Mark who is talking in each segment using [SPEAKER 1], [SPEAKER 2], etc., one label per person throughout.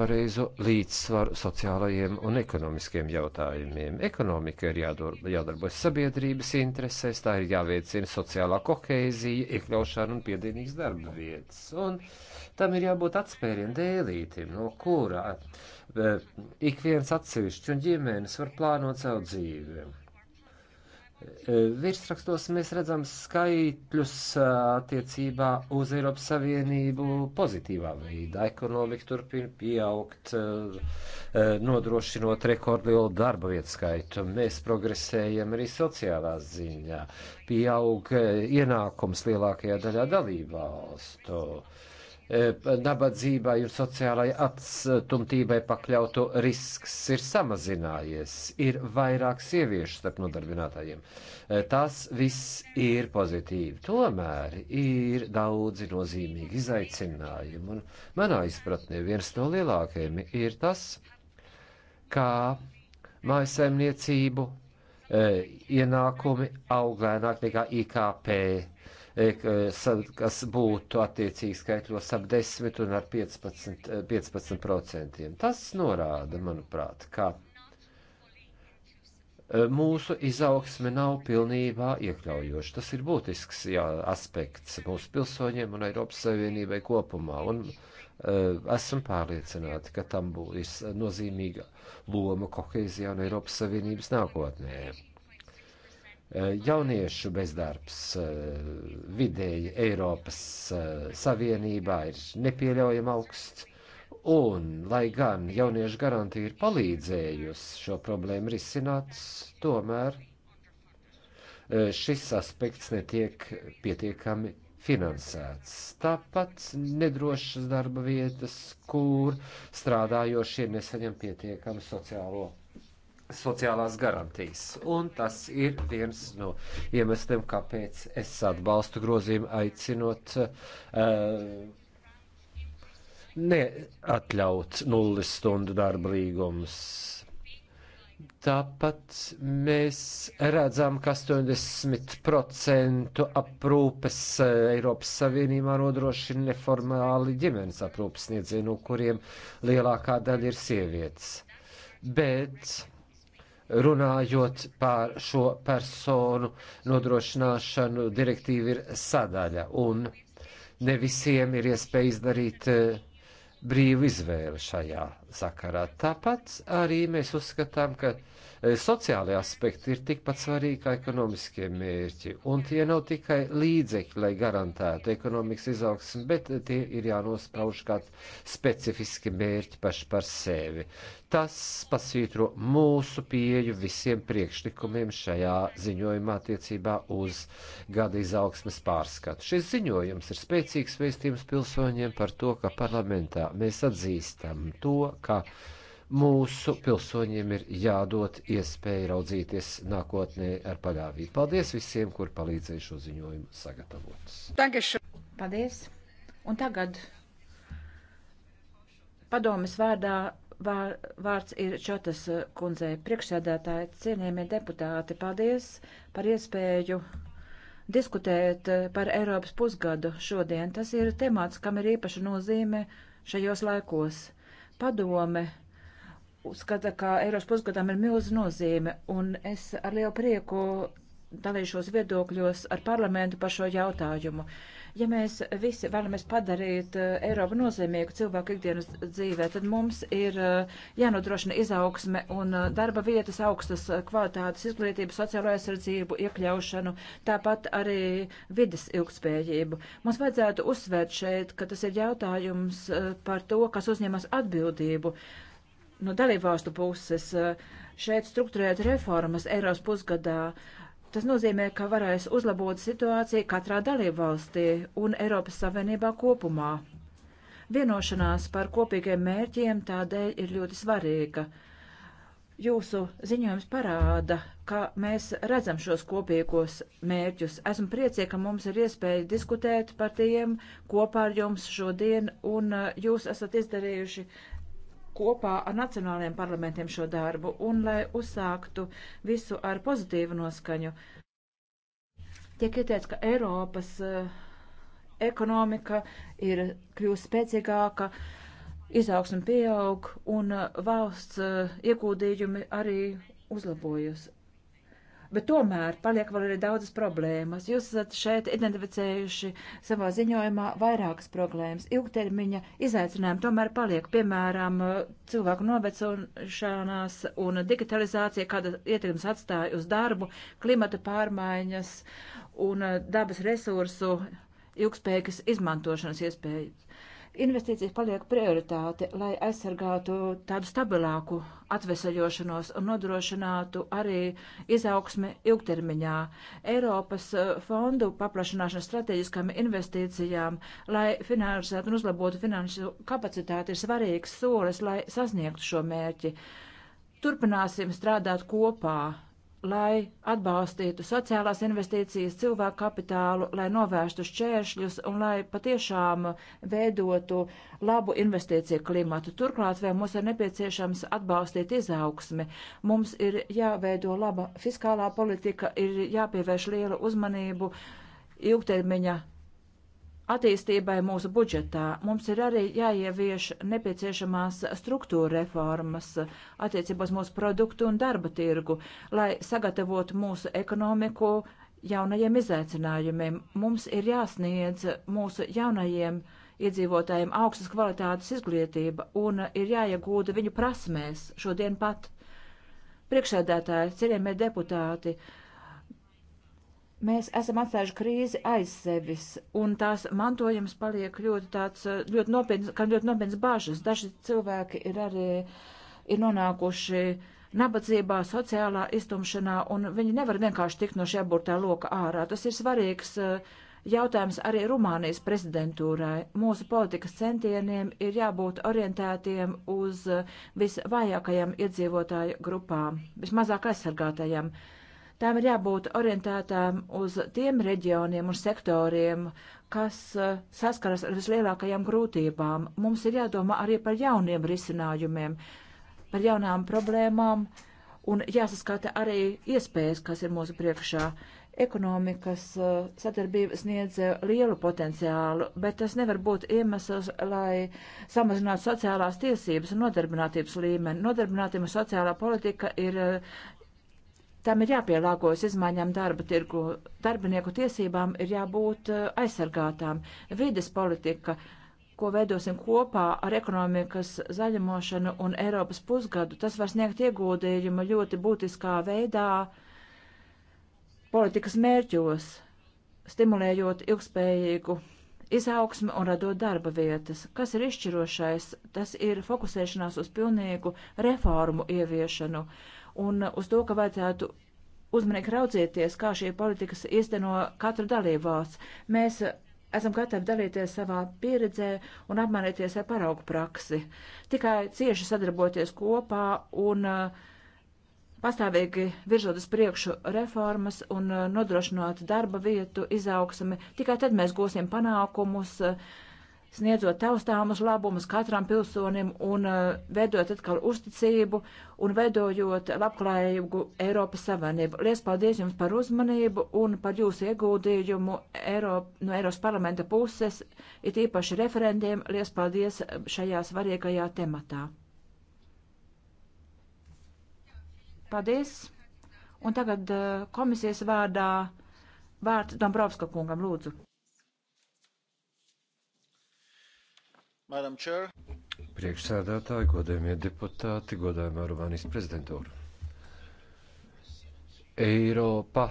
[SPEAKER 1] pareizo līdzsvaru sociālajiem un ekonomiskiem jautājumiem. Ekonomika ir jādarbojas sabiedrības interesēs, tā ir jāveicina sociālā koheizija, iekļaušana un piedienīgs darba vietas. Un tam ir jābūt atspērienu dēlītim, no kurā eh, ik viens atsevišķi un ģimenes var plānot savu dzīvi. E, virsrakstos mēs redzam skaitļus e, attiecībā uz Eiropas Savienību pozitīvā veidā. Ekonomika turpina pieaugt, e, nodrošinot rekordlielu darba vietu skaitu. Mēs progresējam arī sociālā ziņā. Pieaug ienākums lielākajā daļā dalībvalstu. valstu E, nabadzībai un sociālajai atstumtībai pakļautu risks ir samazinājies, ir vairāk sieviešu starp nodarbinātājiem. E, tas viss ir pozitīvi. Tomēr ir daudzi nozīmīgi izaicinājumi, un manā izpratnē viens no lielākajiem ir tas, kā mājasaimniecību e, ienākumi aug lēnāk nekā IKP E, kas būtu attiecīgi skaitļos ap 10 un ar 15, 15%. E, Tas norāda, manuprāt, ka e, mūsu izaugsme nav pilnībā iekļaujoša. Tas ir būtisks jā, aspekts mūsu pilsoņiem un Eiropas Savienībai kopumā. Un, Esam pārliecināti, ka tam būs nozīmīga loma kohēzijā un Eiropas Savienības nākotnē. Eh, jauniešu bezdarbs eh, vidēji Eiropas eh, Savienībā ir nepieļaujami augsts, un, lai gan jauniešu garantija ir palīdzējusi šo problēmu risināt, tomēr šis aspekts netiek pietiekami finansēts. Tāpat nedrošas darba vietas, kur strādājošie nesaņem pietiekamu sociālo sociālās garantijas. Un tas ir viens no iemesliem, kāpēc es atbalstu grozījumu aicinot uh, neatļaut nulles stundu darba līgumus. Tāpat mēs redzam, ka 80% aprūpes eh, Eiropas Savienībā nodrošina neformāli ģimenes aprūpes sniedzienu, kuriem lielākā daļa ir sievietes. Bet runājot par šo personu nodrošināšanu, direktīva ir sadaļa, un ne visiem ir iespēja izdarīt eh, brīvu izvēli šajā sakarā. Tāpat arī mēs uzskatām, ka Eh, sociālajie aspekti ir tikpat svarīgi kā ekonomiskie mērķi, un tie nav tikai līdzekļi, lai garantētu ekonomikas izaugsmu, bet eh, tie ir jānospauž kā specifiski mērķi paši par sevi. Tas pasvītro mūsu pieju visiem priekšlikumiem šajā ziņojumā attiecībā uz gada izaugsmes pārskatu. Šis ziņojums ir spēcīgs vēstījums pilsoņiem par to, ka parlamentā mēs atzīstam to, ka mūsu pilsoņiem ir jādod iespēja raudzīties nākotnē ar paļāvību. Paldies visiem, kur palīdzēja šo ziņojumu sagatavot.
[SPEAKER 2] Paldies! Un tagad padomas vārdā vār, vārds ir Čotas kundzei priekšsēdētāji, cienījamie deputāti. Paldies par iespēju diskutēt par Eiropas pusgadu šodien. Tas ir temats, kam ir īpaša nozīme šajos laikos. Padome uzskata, ka Eiropas pusgadām ir milza nozīme, un es ar lielu prieku dalīšos viedokļos ar parlamentu par šo jautājumu. Ja mēs visi vēlamies padarīt eh, Eiropu nozīmīgu cilvēku ikdienas dzīvē, tad mums ir eh, jānodrošina izaugsme un eh, darba vietas augstas kvalitātes izglītību, sociālo aizsardzību, iekļaušanu, tāpat arī vidas ilgspējību. Mums vajadzētu uzsvērt šeit, ka tas ir jautājums par to, kas uzņemas atbildību no dalībvalstu puses eh, šeit struktūrēt reformas Eiropas pusgadā. Tas nozīmē, ka varēs uzlabot situāciju katrā dalībvalstī un Eiropas Savienībā kopumā. Vienošanās par kopīgiem mērķiem tādēļ ir ļoti svarīga. Jūsu ziņojums parāda, ka mēs redzam šos kopīgos mērķus. Esmu priecīga, ka mums ir iespēja diskutēt par tiem kopā ar jums šodien, un eh, jūs esat izdarījuši kopā ar nacionālajiem parlamentiem šo darbu un lai uzsāktu visu ar pozitīvu noskaņu. Tiek ieteikts, ka Eiropas eh, ekonomika ir kļūst spēcīgāka, izaugsme pieaug un eh, valsts eh, iegūdījumi arī uzlabojas bet tomēr paliek vēl arī daudzas problēmas. Jūs esat šeit identificējuši savā ziņojumā vairākas problēmas. Ilgtermiņa izaicinājumi tomēr paliek, piemēram, cilvēku novecošanās un digitalizācija, kāda ietekmes atstāja uz darbu, klimata pārmaiņas un dabas resursu ilgspējīgas izmantošanas iespējas. Investīcijas paliek prioritāte, lai aizsargātu tādu stabilāku atvesaļošanos un nodrošinātu arī izaugsmi ilgtermiņā. Eiropas eh, fondu paplašināšana strateģiskām investīcijām, lai finansētu un uzlabotu finanšu kapacitāti, ir svarīgs solis, lai sasniegtu šo mērķi. Turpināsim strādāt kopā lai atbalstītu sociālās investīcijas, cilvēku kapitālu, lai novērstu šķēršļus un lai patiešām veidotu labu investīciju klimatu. Turklāt vēl mums ir nepieciešams atbalstīt izaugsmi. Mums ir jāveido laba fiskālā politika, ir jāpievērš lielu uzmanību ilgtermiņa attīstībai mūsu budžetā. Mums ir arī jāievieš nepieciešamās struktūra reformas attiecībās mūsu produktu un darba tirgu, lai sagatavotu mūsu ekonomiku jaunajiem izaicinājumiem. Mums ir jāsniedz mūsu jaunajiem iedzīvotājiem augstas kvalitātes izglītība un ir jāiegūda viņu prasmēs šodien pat. Priekšsēdētāji, cienījamie deputāti, uh, mēs esam atstājuši krīzi aiz sevis, un tās mantojums paliek ļoti tāds, eh, ļoti nopietns, kā ļoti nopietns bažas. Daži cilvēki ir arī, ir nonākuši nabadzībā, sociālā iztumšanā, un viņi nevar vienkārši tikt no šī aburtā loka ārā. Tas ir svarīgs eh, jautājums arī Rumānijas prezidentūrai. Mūsu politikas centieniem ir jābūt orientētiem uz eh, visvājākajām iedzīvotāju grupām, vismazāk aizsargātajām. Uh, Tām ir jābūt orientētām uz tiem reģioniem un sektoriem, kas uh, saskaras ar vislielākajām grūtībām. Mums ir jādomā arī par jauniem risinājumiem, par jaunām problēmām un jāsaskata arī iespējas, kas ir mūsu priekšā. Ekonomikas uh, sadarbība sniedz uh, lielu potenciālu, bet tas nevar būt iemesls, lai samazinātu sociālās tiesības un nodarbinātības līmeni. Nodarbinātība sociālā politika ir Tam ir jāpielāgojas izmaiņām darba tirgu. Darbinieku tiesībām ir jābūt eh, aizsargātām. Vides politika, ko veidosim kopā ar ekonomikas zaļumošanu un Eiropas pusgadu, tas var sniegt ieguldījumu ļoti būtiskā veidā politikas mērķos, stimulējot ilgspējīgu izaugsmi un radot darba vietas. Kas ir izšķirošais, tas ir fokusēšanās uz pilnīgu reformu ieviešanu. Uh, un uz to, ka vajadzētu uzmanīgi raudzieties, kā šie politikas īsteno katra dalībvalsts. Mēs esam gatavi dalīties savā pieredzē un apmainīties ar paraugu praksi. Tikai cieši sadarboties kopā un uh, pastāvīgi virzot uz priekšu reformas un uh, nodrošinot darba vietu izaugsmi, tikai tad mēs gūsim panākumus, uh, sniedzot taustāmus labumus katram pilsonim un uh, veidot atkal uzticību un veidojot labklājību Eiropas Savienību. Lies paldies jums par uzmanību un par jūsu ieguldījumu Eiro, no Eiropas parlamenta puses, it īpaši referendiem. Lies paldies šajā svarīgajā tematā. Paldies! Un tagad uh, komisijas vārdā vārds Dombrovska kungam lūdzu.
[SPEAKER 1] Priekšsēdētāji, godējumie deputāti, godējumā Rumānijas prezidentūra. Eiropa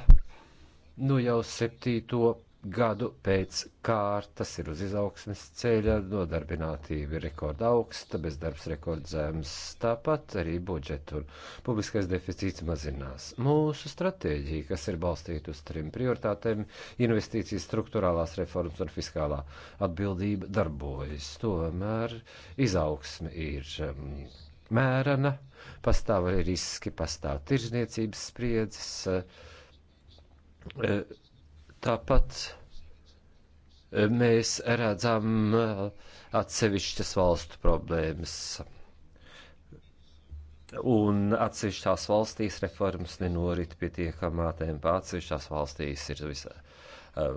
[SPEAKER 1] nu jau septīto gadu pēc kārtas ir uz izaugsmes ceļa, nodarbinātība ir rekorda augsta, bezdarbs rekorda zems, tāpat arī budžets un publiskais deficīts mazinās. Mūsu stratēģija, kas ir balstīta uz trim prioritātēm - investīcijas, struktūrālās reformas un fiskālā atbildība darbojas. Tomēr izaugsme ir um, mērena, pastāv arī riski, pastāv tirzniecības spriedzes. Uh, uh, Tāpat e, mēs redzam e, atsevišķas valstu problēmas. Un atsevišķās valstīs reformas nenorit pietiekamā tempā. Atsevišķās valstīs ir visā e,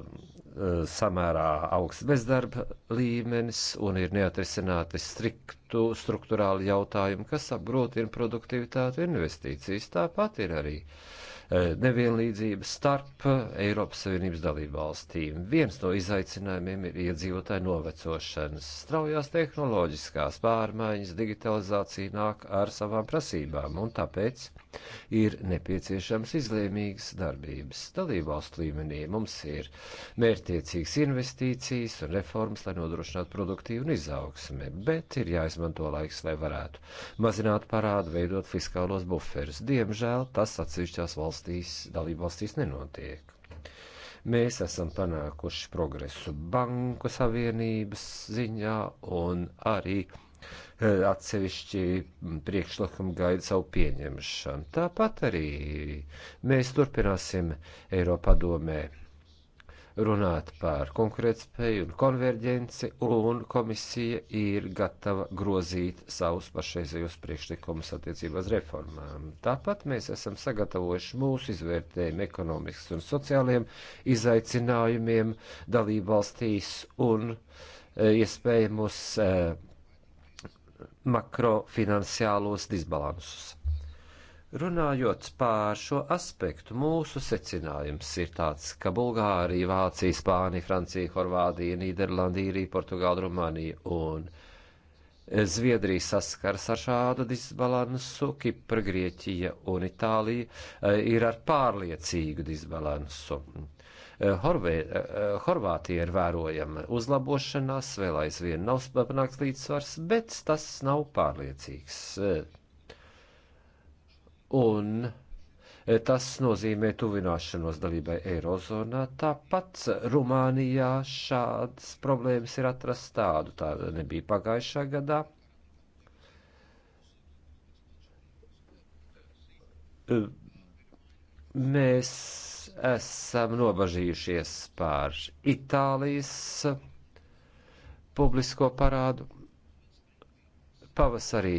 [SPEAKER 1] samērā augsts bezdarba līmenis un ir neatrisināti striktu struktūrāli jautājumi, kas apgrūtina produktivitāti un investīcijas. Tāpat ir arī uh, Eh, nevienlīdzības starp Eiropas Savienības dalību valstīm. Viens no izaicinājumiem ir iedzīvotāju novecošanas. Straujās tehnoloģiskās pārmaiņas, digitalizācija nāk ar savām prasībām, un tāpēc ir nepieciešams izlēmīgas darbības. Dalībvalstu līmenī mums ir mērtiecīgas investīcijas un reformas, lai nodrošinātu produktīvu un izaugsmi, bet ir jāizmanto laiks, lai varētu mazināt parādu, veidot fiskālos buferus. Diemžēl tas atsevišķās valstīs, dalībvalstīs nenotiek mēs esam panākuši progresu banku savienības ziņā un arī Eh, atsevišķi priekšlikumi gaida savu pieņemšanu. Tāpat arī mēs turpināsim Eiropadomē runāt par konkurētspēju un konverģenci, un komisija ir gatava grozīt savus pašreizējos priekšlikumus attiecībā uz reformām. Tāpat mēs esam sagatavojuši mūsu izvērtējumu ekonomikas un sociālajiem izaicinājumiem dalību valstīs un eh, iespējamos eh, makrofinansiālos disbalansus. Runājot par šo aspektu, mūsu secinājums ir tāds, ka Bulgārija, Vācija, Spānija, Francija, Horvātija, Nīderlanda, Īrija, Portugāla, Rumānija un Zviedrija saskars ar šādu disbalansu, Kipra, Grieķija un Itālija eh, ir ar pārliecīgu disbalansu. Eh, Horvē, eh, Horvātija ir vērojama uzlabošanās, vēl aizvien nav panākts līdzsvars, bet tas nav pārliecīgs. Eh, un Tas nozīmē tuvināšanos dalībai Eirozonā. Tāpat Rumānijā šādas problēmas ir atrast tādu. Tā nebija pagājušā gadā. Mēs esam nobažījušies pār Itālijas publisko parādu. Pavasarī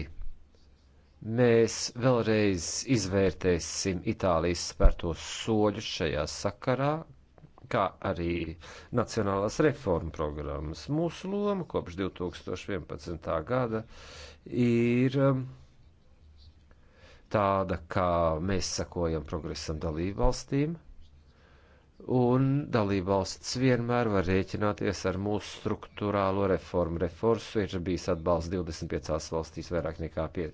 [SPEAKER 1] mēs vēlreiz izvērtēsim Itālijas spērtos soļus šajā sakarā, kā arī Nacionālās reformu programmas. Mūsu loma kopš 2011. gada ir um, tāda, kā mēs sakojam progresam dalību valstīm, un dalībvalsts vienmēr var rēķināties ar mūsu struktūrālo reformu. Reforsu ir bijis atbalsts 25 valstīs vairāk nekā pie,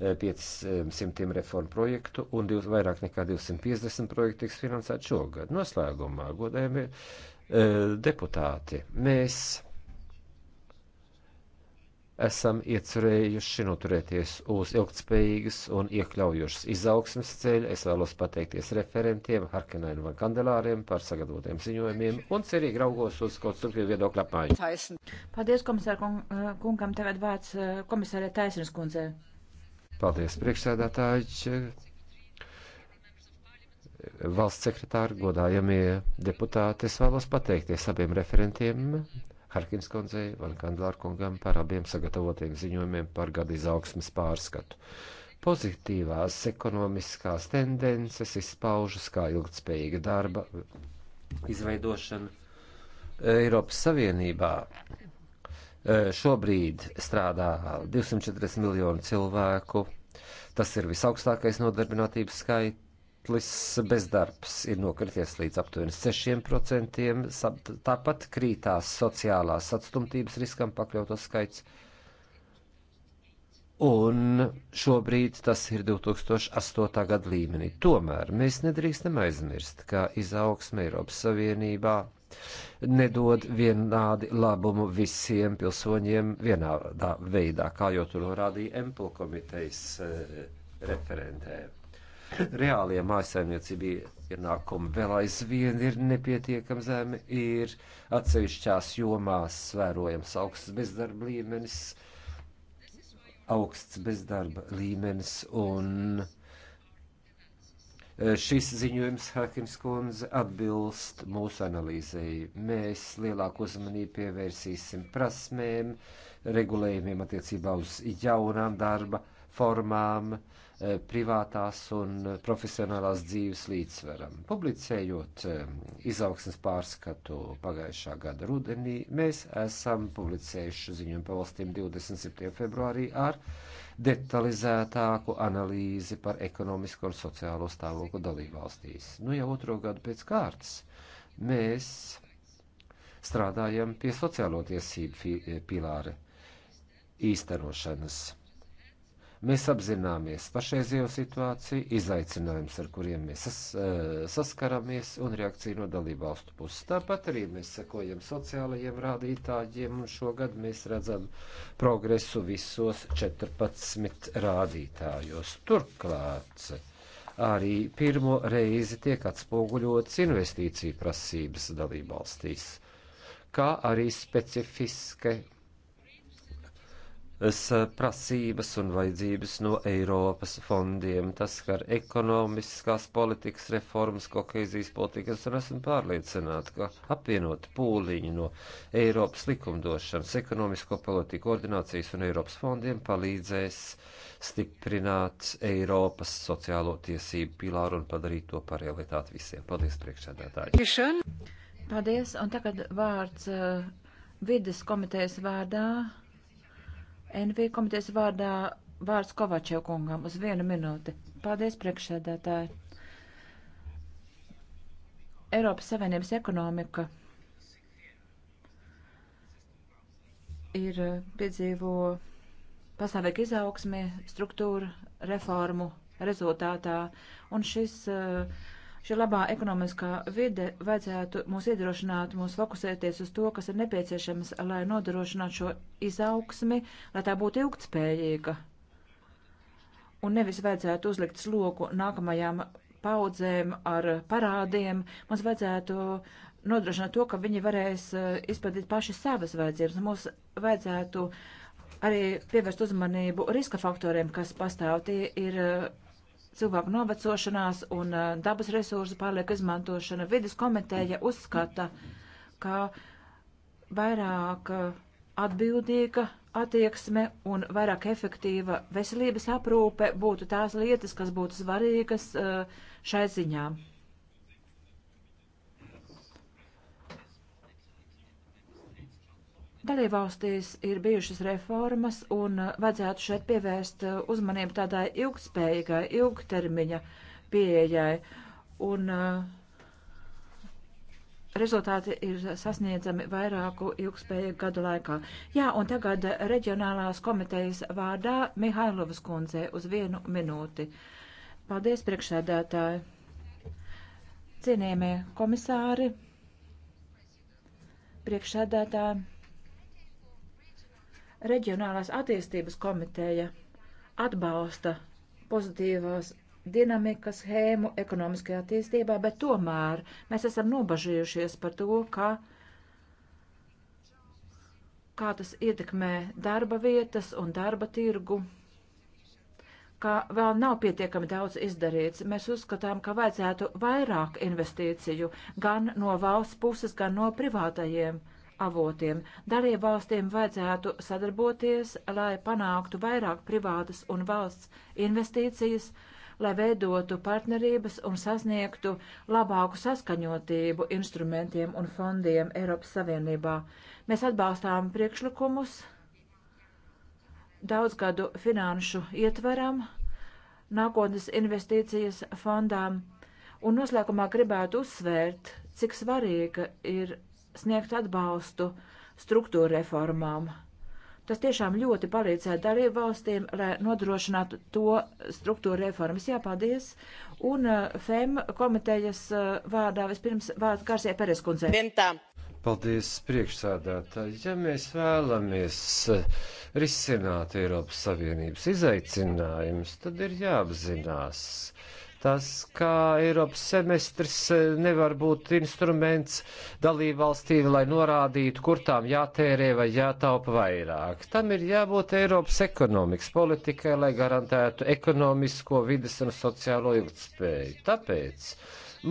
[SPEAKER 1] 500 eh, reformu projektu un div, vairāk nekā 250 projektu tiks finansēt šogad. Noslēgumā, godējumie eh, deputāti, mēs esam iecerējuši noturēties uz ilgtspējīgas un iekļaujošas izaugsmas ceļa. Es vēlos pateikties referentiem, Harkenainu un Kandelāriem par sagatavotiem ziņojumiem un cerīgi raugos uz konstruktīvu viedokļu apmaiņu.
[SPEAKER 2] Paldies, komisār eh, kungam, tagad vārds eh, komisārē Taisnes kundzē.
[SPEAKER 1] Paldies, priekšsēdētāji, valsts sekretāri, godājamie deputāti. Es vēlos pateikties abiem referentiem Harkins kundzei, Van Kandlāra kungam par abiem sagatavotiem ziņojumiem par gada izaugsmas pārskatu. Pozitīvās ekonomiskās tendences izpaužas kā ilgtspējīga darba izveidošana Eiropas Savienībā. E, šobrīd strādā 240 miljonu cilvēku. Tas ir visaugstākais nodarbinātības skaits Latvijas bezdarbs ir nokrities līdz aptuveni 6%, tāpat krītās sociālās atstumtības riskam pakļauto skaits. Un šobrīd tas ir 2008. gada līmenī. Tomēr mēs nedrīkstam aizmirst, ka izaugsme Eiropas Savienībā nedod vienādi labumu visiem pilsoņiem vienādā veidā, kā jau tur norādīja Empul komitejas eh, referentēm reālie mājasaimniecība ienākumi vēl aizvien ir nepietiekami zemi, ir atsevišķās jomās svērojams augsts bezdarba līmenis, augsts bezdarba līmenis un e, šis ziņojums Hakins kundze atbilst mūsu analīzei. Mēs lielāku uzmanību pievērsīsim prasmēm, regulējumiem attiecībā uz jaunām darba formām, uh, Eh, privātās un eh, profesionālās dzīves līdzsveram. Publicējot eh, izaugsmas pārskatu pagājušā gada rudenī, mēs esam publicējuši ziņojumu pa valstīm 27. februārī ar detalizētāku analīzi par ekonomisko un sociālo stāvokli dalībvalstīs. Nu jau otro gadu pēc kārtas mēs strādājam pie sociālo tiesību pilāra īstenošanas Mēs apzināmies pašreizējo situāciju, izaicinājumus, ar kuriem mēs sas, eh, saskaramies, un reakciju no dalībvalstu puses. Tāpat arī mēs sekojam sociālajiem rādītājiem, un šogad mēs redzam progresu visos 14 rādītājos. Turklāt arī pirmo reizi tiek atspoguļots investīciju prasības dalībvalstīs, kā arī specifiski Eh, prasības un vajadzības no Eiropas fondiem. Tas skar ekonomiskās politikas reformas, kohēzijas politikas, un esmu pārliecināta, ka apvienot pūliņu no Eiropas likumdošanas, ekonomisko politiku koordinācijas un Eiropas fondiem palīdzēs stiprināt Eiropas sociālo tiesību pilāru un padarīt to par realitāti visiem. Paldies, priekšsēdētāji!
[SPEAKER 2] Paldies, un tagad vārds uh, vides komitejas vārdā NV komitejas vārdā vārds Kovačev kungam uz vienu minūti. Paldies, priekšsēdētāji. Eiropas Savienības ekonomika ir eh, piedzīvo pastāvīgu izaugsmi, struktūru reformu rezultātā, un šis uh, Šī labā ekonomiskā vide vajadzētu mūs iedrošināt, mūs fokusēties uz to, kas ir nepieciešams, lai nodrošinātu šo izaugsmi, lai tā būtu ilgtspējīga. Un nevis vajadzētu uzlikt sloku nākamajām paudzēm ar parādiem. Mums vajadzētu nodrošināt to, ka viņi varēs eh, izpildīt paši savas vajadzības. Mums vajadzētu arī pievērst uzmanību riska faktoriem, kas pastāv. Tie ir eh, cilvēku novecošanās un uh, dabas resursu pārlieka izmantošana. Vides komiteja uzskata, ka vairāk uh, atbildīga attieksme un vairāk efektīva veselības aprūpe būtu tās lietas, kas būtu svarīgas uh, šai ziņā. Dalībvalstīs ir bijušas reformas un vajadzētu šeit pievērst uzmanību tādai ilgspējīgai, ilgtermiņa pieejai. Un uh, rezultāti ir sasniedzami vairāku ilgspējīgu gadu laikā. Jā, un tagad reģionālās komitejas vārdā Mihailovas kundze uz vienu minūti. Paldies, priekšsēdētāji. Cienījamie komisāri, priekšsēdētāji Reģionālās attīstības komiteja atbalsta pozitīvās dinamikas hēmu ekonomiskajā attīstībā, bet tomēr mēs esam nobažījušies par to, ka kā tas ietekmē darba vietas un darba tirgu, ka vēl nav pietiekami daudz izdarīts. Mēs uzskatām, ka vajadzētu vairāk investīciju gan no valsts puses, gan no privātajiem avotiem. Dalību valstīm vajadzētu sadarboties, lai panāktu vairāk privātas un valsts investīcijas, lai veidotu partnerības un sasniegtu labāku saskaņotību instrumentiem un fondiem Eiropas Savienībā. Mēs atbalstām priekšlikumus daudzgadu finanšu ietveram, nākotnes investīcijas fondām, un noslēgumā gribētu uzsvērt, cik svarīga ir sniegt atbalstu struktūra reformām. Tas tiešām ļoti palīdzētu dalību valstīm, lai nodrošinātu to struktūra reformas. Jāpaldies. Un uh, FEM komitejas uh, vārdā vispirms vārds Kārsē Pereskundzei.
[SPEAKER 1] Paldies, priekšsādātāji. Ja mēs vēlamies uh, risināt Eiropas Savienības izaicinājumus, tad ir jāapzinās, uh, tas, ka Eiropas semestris e, nevar būt instruments dalībvalstīm, lai norādītu, kur tām jātērē vai jātaupa vairāk. Tam ir jābūt Eiropas ekonomikas politikai, lai garantētu ekonomisko, vidas un sociālo ilgtspēju. Tāpēc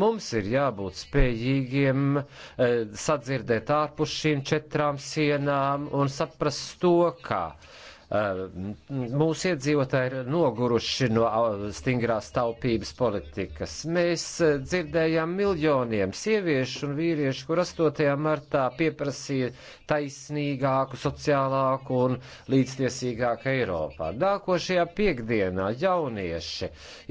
[SPEAKER 1] mums ir jābūt spējīgiem e, sadzirdēt ārpus šīm četrām sienām un saprast to, ka Mūsu iedzīvotāji ir noguruši no stingrās taupības politikas. Mēs dzirdējām miljoniem sieviešu un vīriešu, kur 8. martā pieprasīja taisnīgāku, sociālāku un līdztiesīgāku Eiropā. Nākošajā piekdienā jaunieši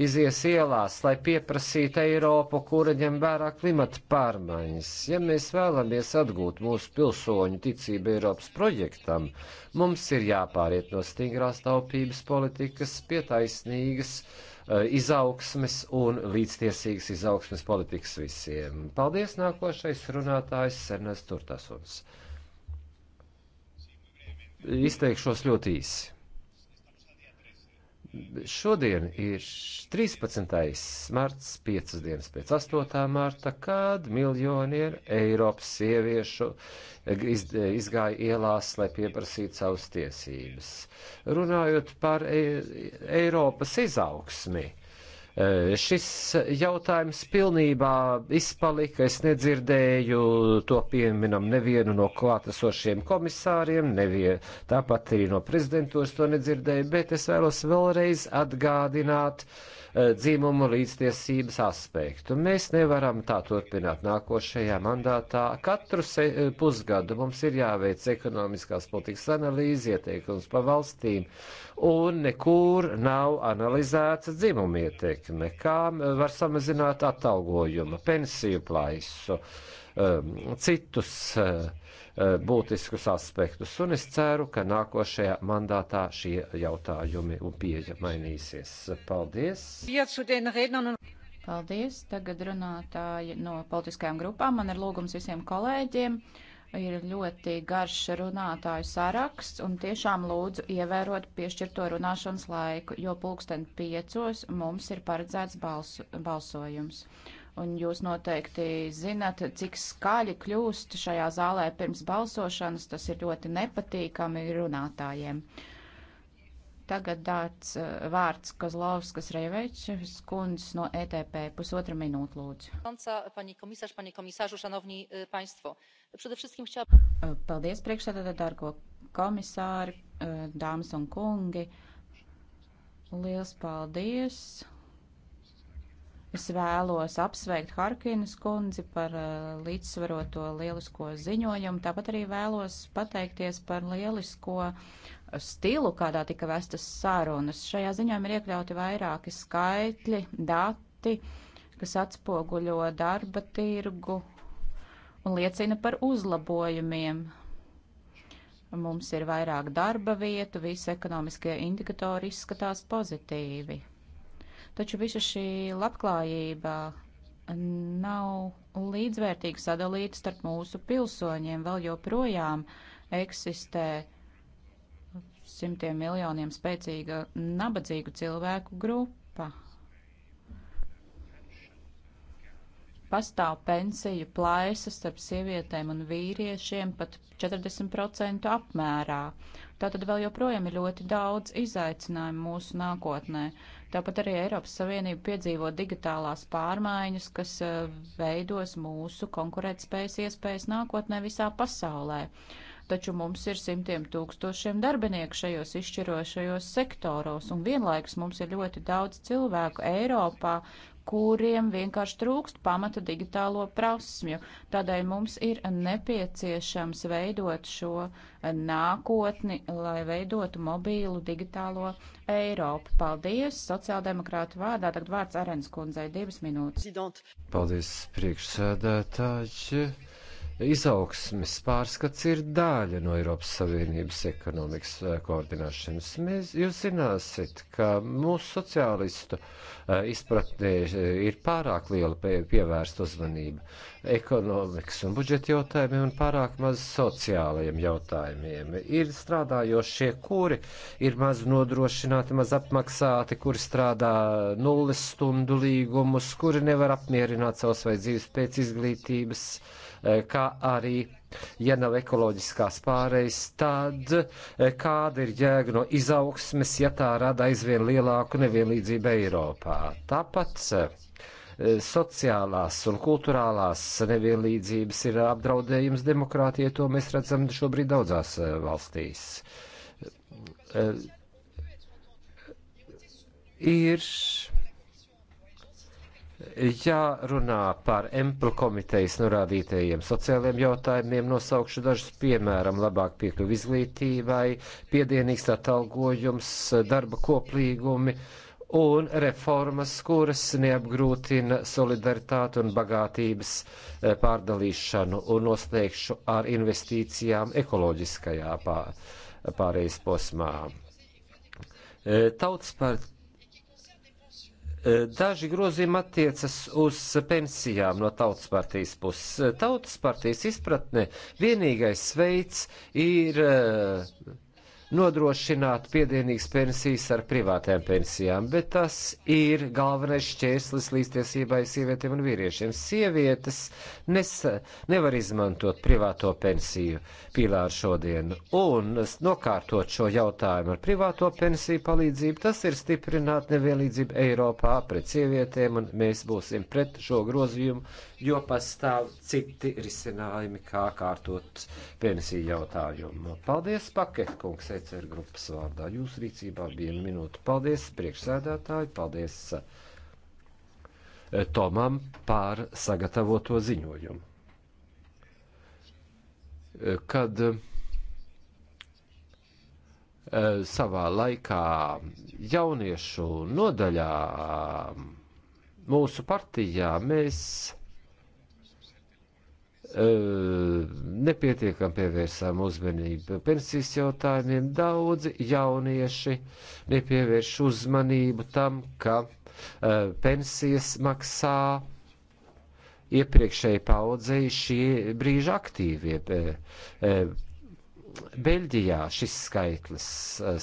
[SPEAKER 1] izies ielās, lai pieprasītu Eiropu, kura ņem vērā klimata pārmaiņas. Ja mēs vēlamies atgūt mūsu pilsoņu ticību Eiropas projektam, Mums ir jāpāriet no stingrās taupības politikas pie taisnīgas e, izaugsmes un līdztiesīgas izaugsmes politikas visiem. Paldies nākošais runātājs Sernes Turtasuns. Izteikšos ļoti īsi. Šodien ir 13. marts, 5 dienas pēc 8. marta, kad miljoniem Eiropas sieviešu iz, izgāja ielās, lai pieprasītu savas tiesības. Runājot par e Eiropas izaugsmi, Eh, šis jautājums pilnībā izpalika. Es nedzirdēju to pieminam nevienu no klātesošiem komisāriem, nevien, tāpat arī no prezidentūras to nedzirdēju, bet es vēlos vēlreiz atgādināt, uh, Eh, dzīmumu līdztiesības aspektu. Mēs nevaram tā turpināt nākošajā mandātā. Katru eh, pusgadu mums ir jāveic ekonomiskās politikas analīze, ieteikums pa valstīm, un nekur nav analizēta dzimuma ietekme, kā eh, var samazināt atalgojumu, pensiju plaisu, citus Eh, būtiskus aspektus, un es ceru, ka nākošajā mandātā šie jautājumi un pieeja mainīsies. Paldies!
[SPEAKER 3] Paldies! Tagad runātāji no politiskajām grupām. Man ir lūgums visiem kolēģiem ir ļoti garš runātāju saraksts, un tiešām lūdzu ievērot piešķirto runāšanas laiku, jo pulksten piecos mums ir paredzēts balsu, balsojums. Un jūs noteikti zinat, cik skaļi kļūst šajā zālē pirms balsošanas. Tas ir ļoti nepatīkami runātājiem. Tagad dārts eh, vārds Kozlovskas Revečs, kundz no ETP, pusotra minūte lūdzu.
[SPEAKER 4] E, e,
[SPEAKER 3] paldies priekšsēdētāji, dārgo komisāri, e, dāmas un kungi. Liels paldies! Es vēlos apsveikt Harkinas kundzi par uh, līdzsvaroto lielisko ziņojumu, tāpat arī vēlos pateikties par lielisko stilu, kādā tika vestas sārunas. Šajā ziņojumā ir iekļauti vairāki skaitļi, dati, kas atspoguļo darba tirgu un liecina par uzlabojumiem. Mums ir vairāk darba vietu, visi ekonomiskie indikatori izskatās pozitīvi. Taču visa šī labklājība nav līdzvērtīgi sadalīta starp mūsu pilsoņiem. Vēl joprojām eksistē simtiem miljoniem spēcīga nabadzīgu cilvēku grupa. Pastāv pensiju plaisas starp sievietēm un vīriešiem pat 40% apmērā. Tātad vēl joprojām ir ļoti daudz izaicinājumu mūsu nākotnē. Tāpat arī Eiropas Savienība piedzīvo digitālās pārmaiņas, kas eh, veidos mūsu konkurētspējas iespējas nākotnē visā pasaulē. Taču mums ir simtiem tūkstošiem darbinieku šajos izšķirošajos sektoros, un vienlaikus mums ir ļoti daudz cilvēku Eiropā, kuriem vienkārši trūkst pamata digitālo prasmju. Tādēļ mums ir nepieciešams veidot šo nākotni, lai veidotu mobīlu digitālo Eiropu. Paldies! Sociāldemokrātu vārdā tagad vārds Arens kundzei divas minūtes.
[SPEAKER 1] Paldies, priekšsēdētāji! izaugsmes pārskats ir daļa no Eiropas Savienības ekonomikas eh, koordinēšanas. Mēs, jūs zināsit, ka mūsu sociālistu eh, izpratnē eh, ir pārāk liela pievērsta uzmanība ekonomikas un budžeta jautājumiem un pārāk maz sociālajiem jautājumiem. Ir strādājošie, kuri ir maz nodrošināti, maz apmaksāti, kuri strādā nulles stundu līgumus, kuri nevar apmierināt savas vajadzības pēc izglītības. Uh, kā arī, ja nav ekoloģiskās pārējas, tad eh, kāda ir jēga no izaugsmes, ja tā rada aizvien lielāku nevienlīdzību Eiropā. Tāpat eh, sociālās un kultūrālās nevienlīdzības ir apdraudējums demokrātijai, to mēs redzam šobrīd daudzās eh, valstīs. Ir jārunā par emplu komitejas norādītajiem sociālajiem jautājumiem, nosaukšu dažus piemēram labāk piekļuvi izglītībai, piedienīgs atalgojums, darba koplīgumi un reformas, kuras neapgrūtina solidaritāti un bagātības eh, pārdalīšanu un noslēgšu ar investīcijām ekoloģiskajā pārējais posmā. Eh, tautas partija Eh, daži grozījumi attiecas uz pensijām no tautas partijas puses. Eh, tautas partijas izpratne vienīgais veids ir eh, nodrošināt piedienīgas pensijas ar privātām pensijām, bet tas ir galvenais šķērslis līdztiesībai sievietēm un vīriešiem. Sievietes nes, nevar izmantot privāto pensiju pīlāru šodien, un nokārtot šo jautājumu ar privāto pensiju palīdzību, tas ir stiprināt nevienlīdzību Eiropā pret sievietēm, un mēs būsim pret šo grozījumu jo pastāv citi risinājumi, kā kārtot pensiju jautājumu. Paldies, Paket kungs, ECR grupas vārdā. Jūsu rīcībā bija minūte. Paldies, priekšsēdētāji, paldies eh, Tomam par sagatavoto ziņojumu. Eh, kad eh, savā laikā jauniešu nodaļā mm, mūsu partijā mēs Eh, nepietiekam pievērsām uzmanību pensijas jautājumiem. Daudzi jaunieši nepievērš uzmanību tam, ka eh, pensijas maksā iepriekšēji paudzei šie brīža aktīvie. Eh, Beļģijā šis skaitlis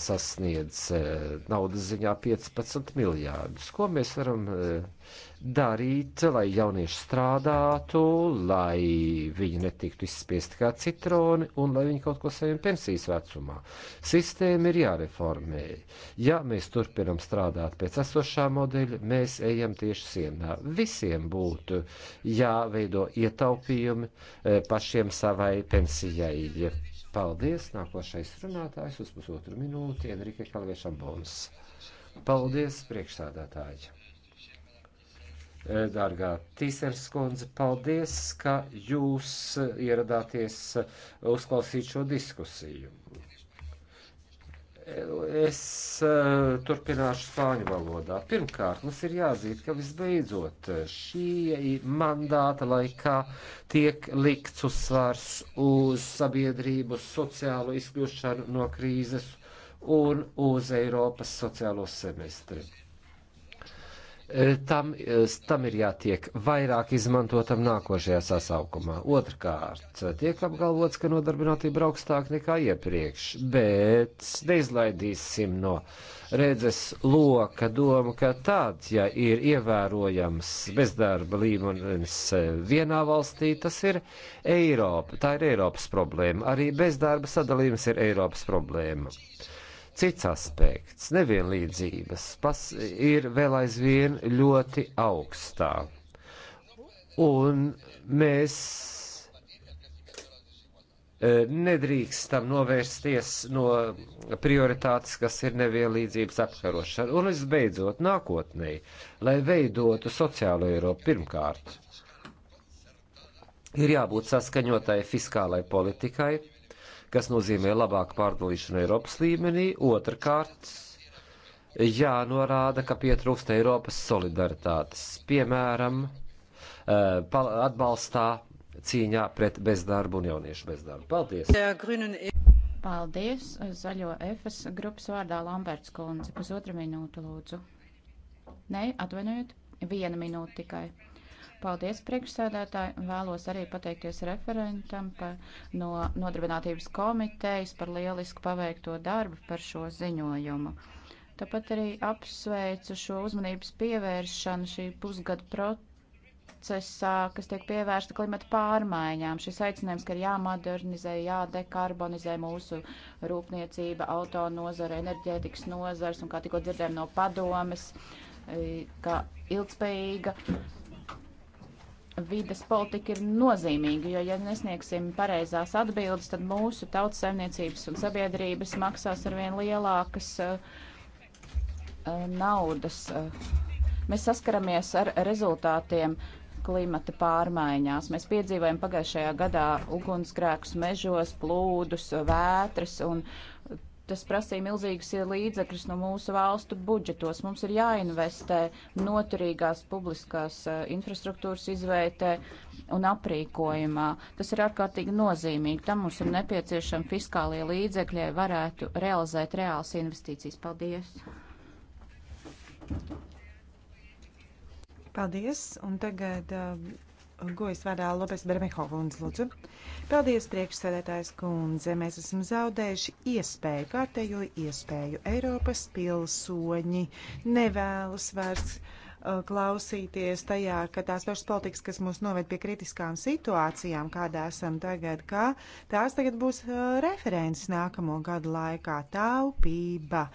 [SPEAKER 1] sasniedz naudas ziņā 15 miljārdus. Ko mēs varam darīt, lai jaunieši strādātu, lai viņi netiktu izspiesti kā citroni un lai viņi kaut ko saviem pensijas vecumā. Sistēma ir jāreformē. Ja mēs turpinam strādāt pēc esošā modeļa, mēs ejam tieši sienā. Visiem būtu jāveido ietaupījumi eh, pašiem savai pensijai. Paldies! Nākošais runātājs uz pusotru minūti - Enrique Kalviešam Bons. Paldies, priekšsādātāji! Eh, dārgā Tīsers kundze, paldies, ka jūs eh, ieradāties eh, uzklausīt šo diskusiju. Es uh, turpināšu spāņu valodā. Pirmkārt, mums ir jāzīt, ka visbeidzot šī mandāta laikā tiek likts uzsvars uz sabiedrību, sociālo izkļūšanu no krīzes un uz Eiropas sociālo semestri. Uh, E, tam, e, tam ir jātiek vairāk izmantotam nākošajā sasaukumā. Otrkārt, tiek apgalvots, ka nodarbinātība ir augstāka nekā iepriekš, bet neizlaidīsim no redzes loka domu, ka tāds, ja ir ievērojams bezdarba līmenis vienā valstī, tas ir Eiropa. Tā ir Eiropas problēma. Arī bezdarba sadalījums ir Eiropas problēma. Cits aspekts - nevienlīdzības pas ir vēl aizvien ļoti augstā. Un mēs e, nedrīkstam novērsties no prioritātes, kas ir nevienlīdzības apkarošana. Un visbeidzot, nākotnē, lai veidotu sociālo Eiropu pirmkārt, ir jābūt saskaņotai fiskālai politikai kas nozīmē labāku pārdalīšanu Eiropas līmenī. Otrakārt, jānorāda, ka pietrūkst Eiropas solidaritātes, piemēram, eh, atbalstā cīņā pret bezdarbu un jauniešu bezdarbu.
[SPEAKER 3] Paldies! Paldies! Zaļo EFS grupas vārdā Lamberts Kolundze. Pusotra minūte, lūdzu. Nē, atvainojiet, viena minūte tikai. Paldies priekšsēdētāji un vēlos arī pateikties referentam pa, no Nodarbinātības komitejas par lielisku paveikto darbu par šo ziņojumu. Tāpat arī apsveicu šo uzmanības pievēršanu šī pusgada procesā, kas tiek pievērsta klimata pārmaiņām. Šis aicinājums, ka ir jāmodernizē, jādekarbonizē mūsu rūpniecība, auto nozara, enerģētikas nozars un kā tikko dzirdējām no padomes, e, ka ilgspējīga vides politika ir nozīmīga, jo, ja nesniegsim pareizās atbildes, tad mūsu tautsaimniecības un sabiedrības maksās arvien lielākas uh, uh naudas. Uh. Mēs saskaramies ar rezultātiem klimata pārmaiņās. Mēs piedzīvojam pagājušajā gadā ugunsgrēkus mežos, plūdus, vētras un uh, tas prasīja milzīgus līdzekļus no mūsu valstu budžetos. Mums ir jāinvestē noturīgās publiskās e, infrastruktūras izveitē un aprīkojumā. Tas ir ārkārtīgi nozīmīgi. Tam mums ir nepieciešami fiskālie līdzekļi, lai varētu realizēt reālas investīcijas. Paldies!
[SPEAKER 4] Paldies! Un tagad uh, Gojas vadā Lopes Bermeho kundze, lūdzu. Paldies, priekšsēdētājs kundze. Mēs esam zaudējuši iespēju, kārtējo iespēju. Eiropas pilsoņi nevēlas vairs uh, klausīties tajā, ka tās pašas politikas, kas mūs noved pie kritiskām situācijām, kādā esam tagad, kā tās tagad būs uh, referents nākamo gadu laikā. Taupība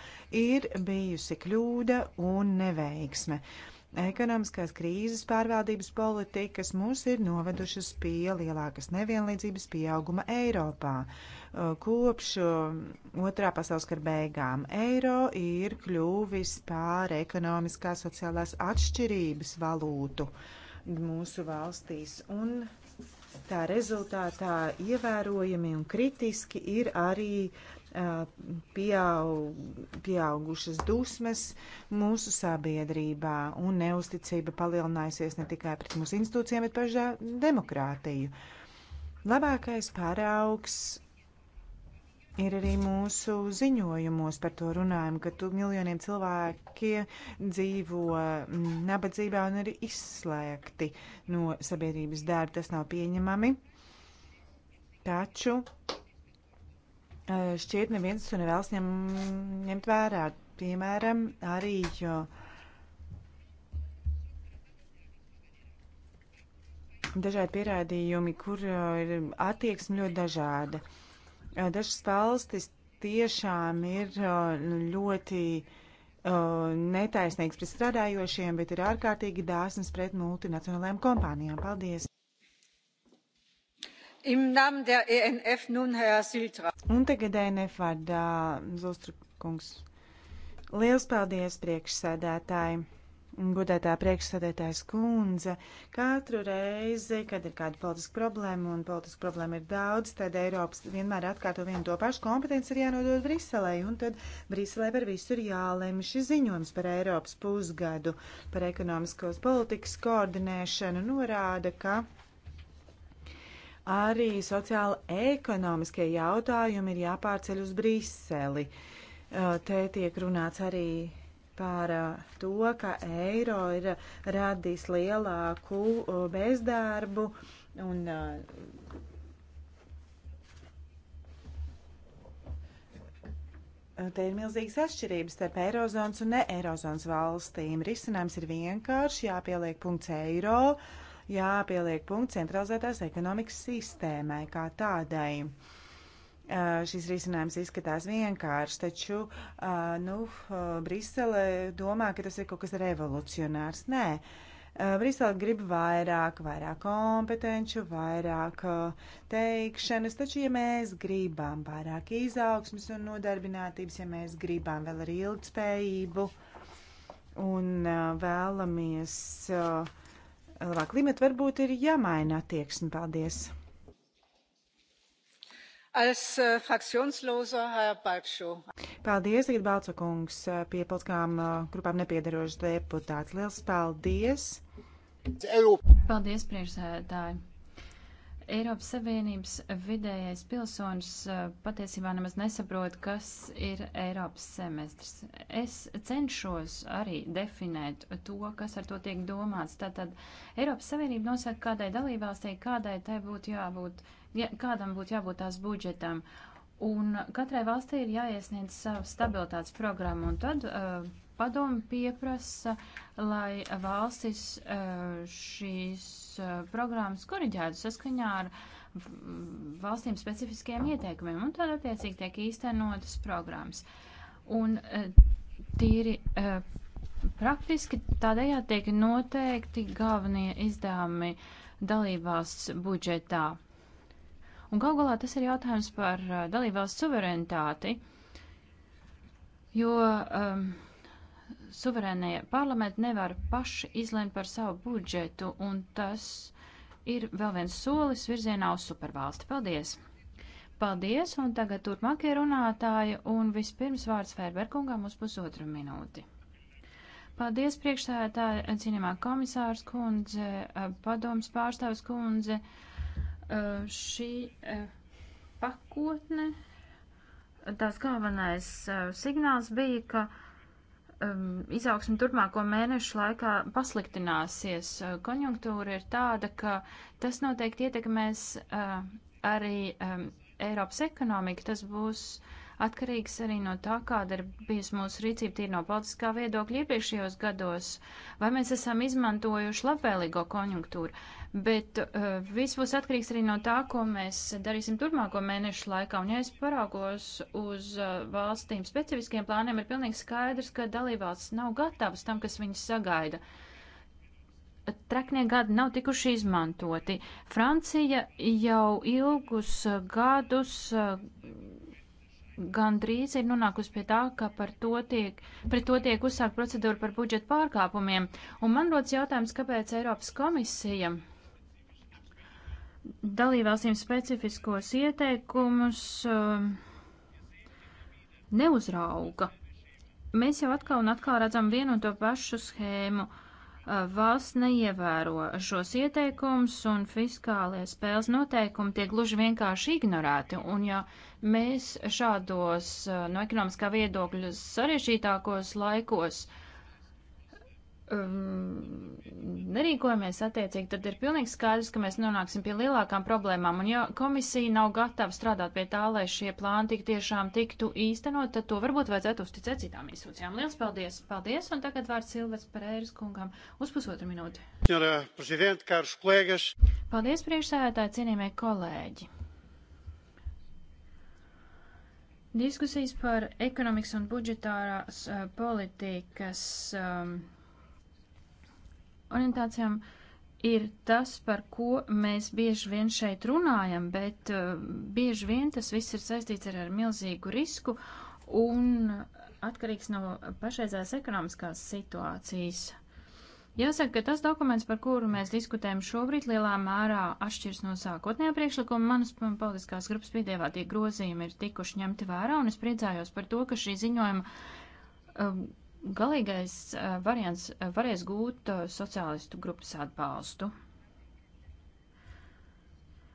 [SPEAKER 4] ir bijusi kļūda un neveiksme. Uh, Ekonomiskās krīzes pārvaldības politikas mūs ir novedušas pie lielākas nevienlīdzības pieauguma Eiropā. Uh, kopš uh, otrā pasaules kara beigām eiro ir kļuvis pār ekonomiskās sociālās atšķirības valūtu mūsu valstīs, un tā rezultātā ievērojami un kritiski ir arī uh, pieaug, pieaugušas dusmas mūsu sabiedrībā un neusticība palielinājusies ne tikai pret mūsu institūcijiem, bet pašā demokrātiju. Labākais paraugs ir arī mūsu ziņojumos par to runājumu, ka tu miljoniem cilvēki dzīvo mm, nabadzībā un ir izslēgti no sabiedrības darba. Tas nav pieņemami. Taču šķiet neviens to nevēlas ņem, ņemt vērā. Piemēram, arī jo, dažādi pierādījumi, kur ir attieksme ļoti dažāda. Dažas valstis tiešām ir ļoti netaisnīgs pret strādājošiem, bet ir ārkārtīgi dāsnas pret multinacionālajām kompānijām. Paldies! ENF, e nun, Un tagad ENF vārdā Zostrukungs. Liels paldies priekšsēdētāji! Godētā priekšsēdētājs kundze, katru reizi, kad ir kāda politiska problēma, un politiska problēma ir daudz, tad Eiropas vienmēr atkārto vienu to pašu kompetenci ir jānodod Briselē, un tad Briselē par visu ir jālēma šis ziņojums par Eiropas pusgadu, par ekonomiskos politikas koordinēšanu, norāda, ka arī sociāli ekonomiskie jautājumi ir jāpārceļ uz Briseli. Uh, te tiek runāts arī par uh, to, ka eiro ir radījis lielāku uh, bezdarbu un Te ir milzīgas atšķirības starp Eirozonas un ne Eirozonas valstīm. Risinājums ir vienkārši jāpieliek punkts eiro. Uh, jāpieliek punkts centralizētās ekonomikas sistēmai kā tādai. Uh, šis risinājums izskatās vienkāršs, taču uh, nu, uh, Brisele domā, ka tas ir kaut kas revolucionārs. Nē, Brisele grib vairāk, vairāk kompetenču, vairāk teikšanas, taču, ja mēs gribam vairāk izaugsmas un nodarbinātības, ja mēs gribam vēl arī ilgtspējību un vēlamies uh, labāk klimatu, varbūt ir jāmaina attieksme. Paldies!
[SPEAKER 2] Als uh, fraktionsloser, Herr Balčo.
[SPEAKER 4] Paldies, Rīt Balco kungs, eh, pie politiskām uh, grupām nepiedarošs deputāts. Liels paldies! Paldies,
[SPEAKER 5] priekšsēdētāji! Eiropas Savienības vidējais pilsonis eh, patiesībā nemaz nesaprot, kas ir Eiropas semestrs. Es cenšos arī definēt to, kas ar to tiek domāts. Tātad Eiropas Savienība nosaka, kādai dalībvalstī, kādai tai būtu jābūt, ja, kādam būtu jābūt tās budžetam. Un katrai valstī ir jāiesniedz savu stabilitātes programmu, un tad uh, Padomi pieprasa, lai valstis eh, šīs eh, programmas koriģētu saskaņā ar valstīm specifiskiem ieteikumiem, un tad attiecīgi tiek īstenotas programmas. Un eh, tīri praktiski tādējā tiek noteikti galvenie izdevumi dalībās budžetā. Un gal galā tas ir jautājums par dalībās suverenitāti, jo um, suverēnie parlamenti nevar paši izlemt par savu budžetu, un tas ir vēl viens solis virzienā uz supervalsti. Paldies! Paldies, un tagad turpmākie runātāji, un vispirms vārds Fērberkungam uz pusotru minūti. Paldies, priekšsēdētāji, cienījumā komisārs kundze, padoms pārstāvs kundze. Eh, šī eh, pakotne, tās galvenais eh, signāls bija, ka um, izaugsme turpmāko mēnešu laikā pasliktināsies. Uh, konjunktūra ir tāda, ka tas noteikti ietekmēs uh, arī um, Eiropas ekonomiku. Tas būs uh, atkarīgs arī no tā, kāda ir bijusi mūsu rīcība tīri no politiskā viedokļa iepriekšējos gados, vai mēs esam izmantojuši labvēlīgo konjunktūru. Bet uh, viss būs atkarīgs arī no tā, ko mēs darīsim turpmāko mēnešu laikā. Un, ja es paraugos uz uh, valstīm specifiskiem plāniem, ir pilnīgi skaidrs, ka dalībvalsts nav gatavas tam, kas viņas sagaida. Traknie gadi nav tikuši izmantoti. Francija jau ilgus gadus uh, gandrīz ir nonākusi pie tā, ka par to tiek, pret to tiek uzsākt procedūra par budžeta pārkāpumiem. Un man rodas jautājums, kāpēc Eiropas komisija dalībvalstīm specifiskos ieteikumus uh, neuzrauga. Mēs jau atkal un atkal redzam vienu un to pašu schēmu. Uh, valsts neievēro šos ieteikumus un fiskālie spēles noteikumi tiek gluži vienkārši ignorēti. Un ja mēs šādos no ekonomiskā viedokļa sarežģītākos laikos uh, um, nerīkojamies attiecīgi, tad ir pilnīgi skaidrs, ka mēs nonāksim pie lielākām problēmām. Un ja komisija nav gatava strādāt pie tā, lai šie plāni tik tiešām tiktu īstenot, tad to varbūt vajadzētu uzticēt citām institūcijām. Liels paldies! Paldies! Un tagad vārds Silvets Pereiras kungam uz pusotru minūti. Paldies, priekšsēdētāji, cienījamie kolēģi! Diskusijas par ekonomikas un budžetārās uh, politikas um, orientācijām ir tas, par ko mēs bieži vien šeit runājam, bet uh, bieži vien tas viss ir saistīts ar, ar milzīgu risku un atkarīgs no pašreizējās ekonomiskās situācijas. Jāsaka, ka tas dokuments, par kuru mēs diskutējam šobrīd, lielā mērā atšķirs no sākotnējā priekšlikuma. Manas politiskās grupas piedāvātie grozījumi ir tikuši ņemti vērā, un es priecājos par to, ka šī ziņojuma um, Galīgais eh, variants eh, varēs gūt eh, sociālistu grupas atbalstu.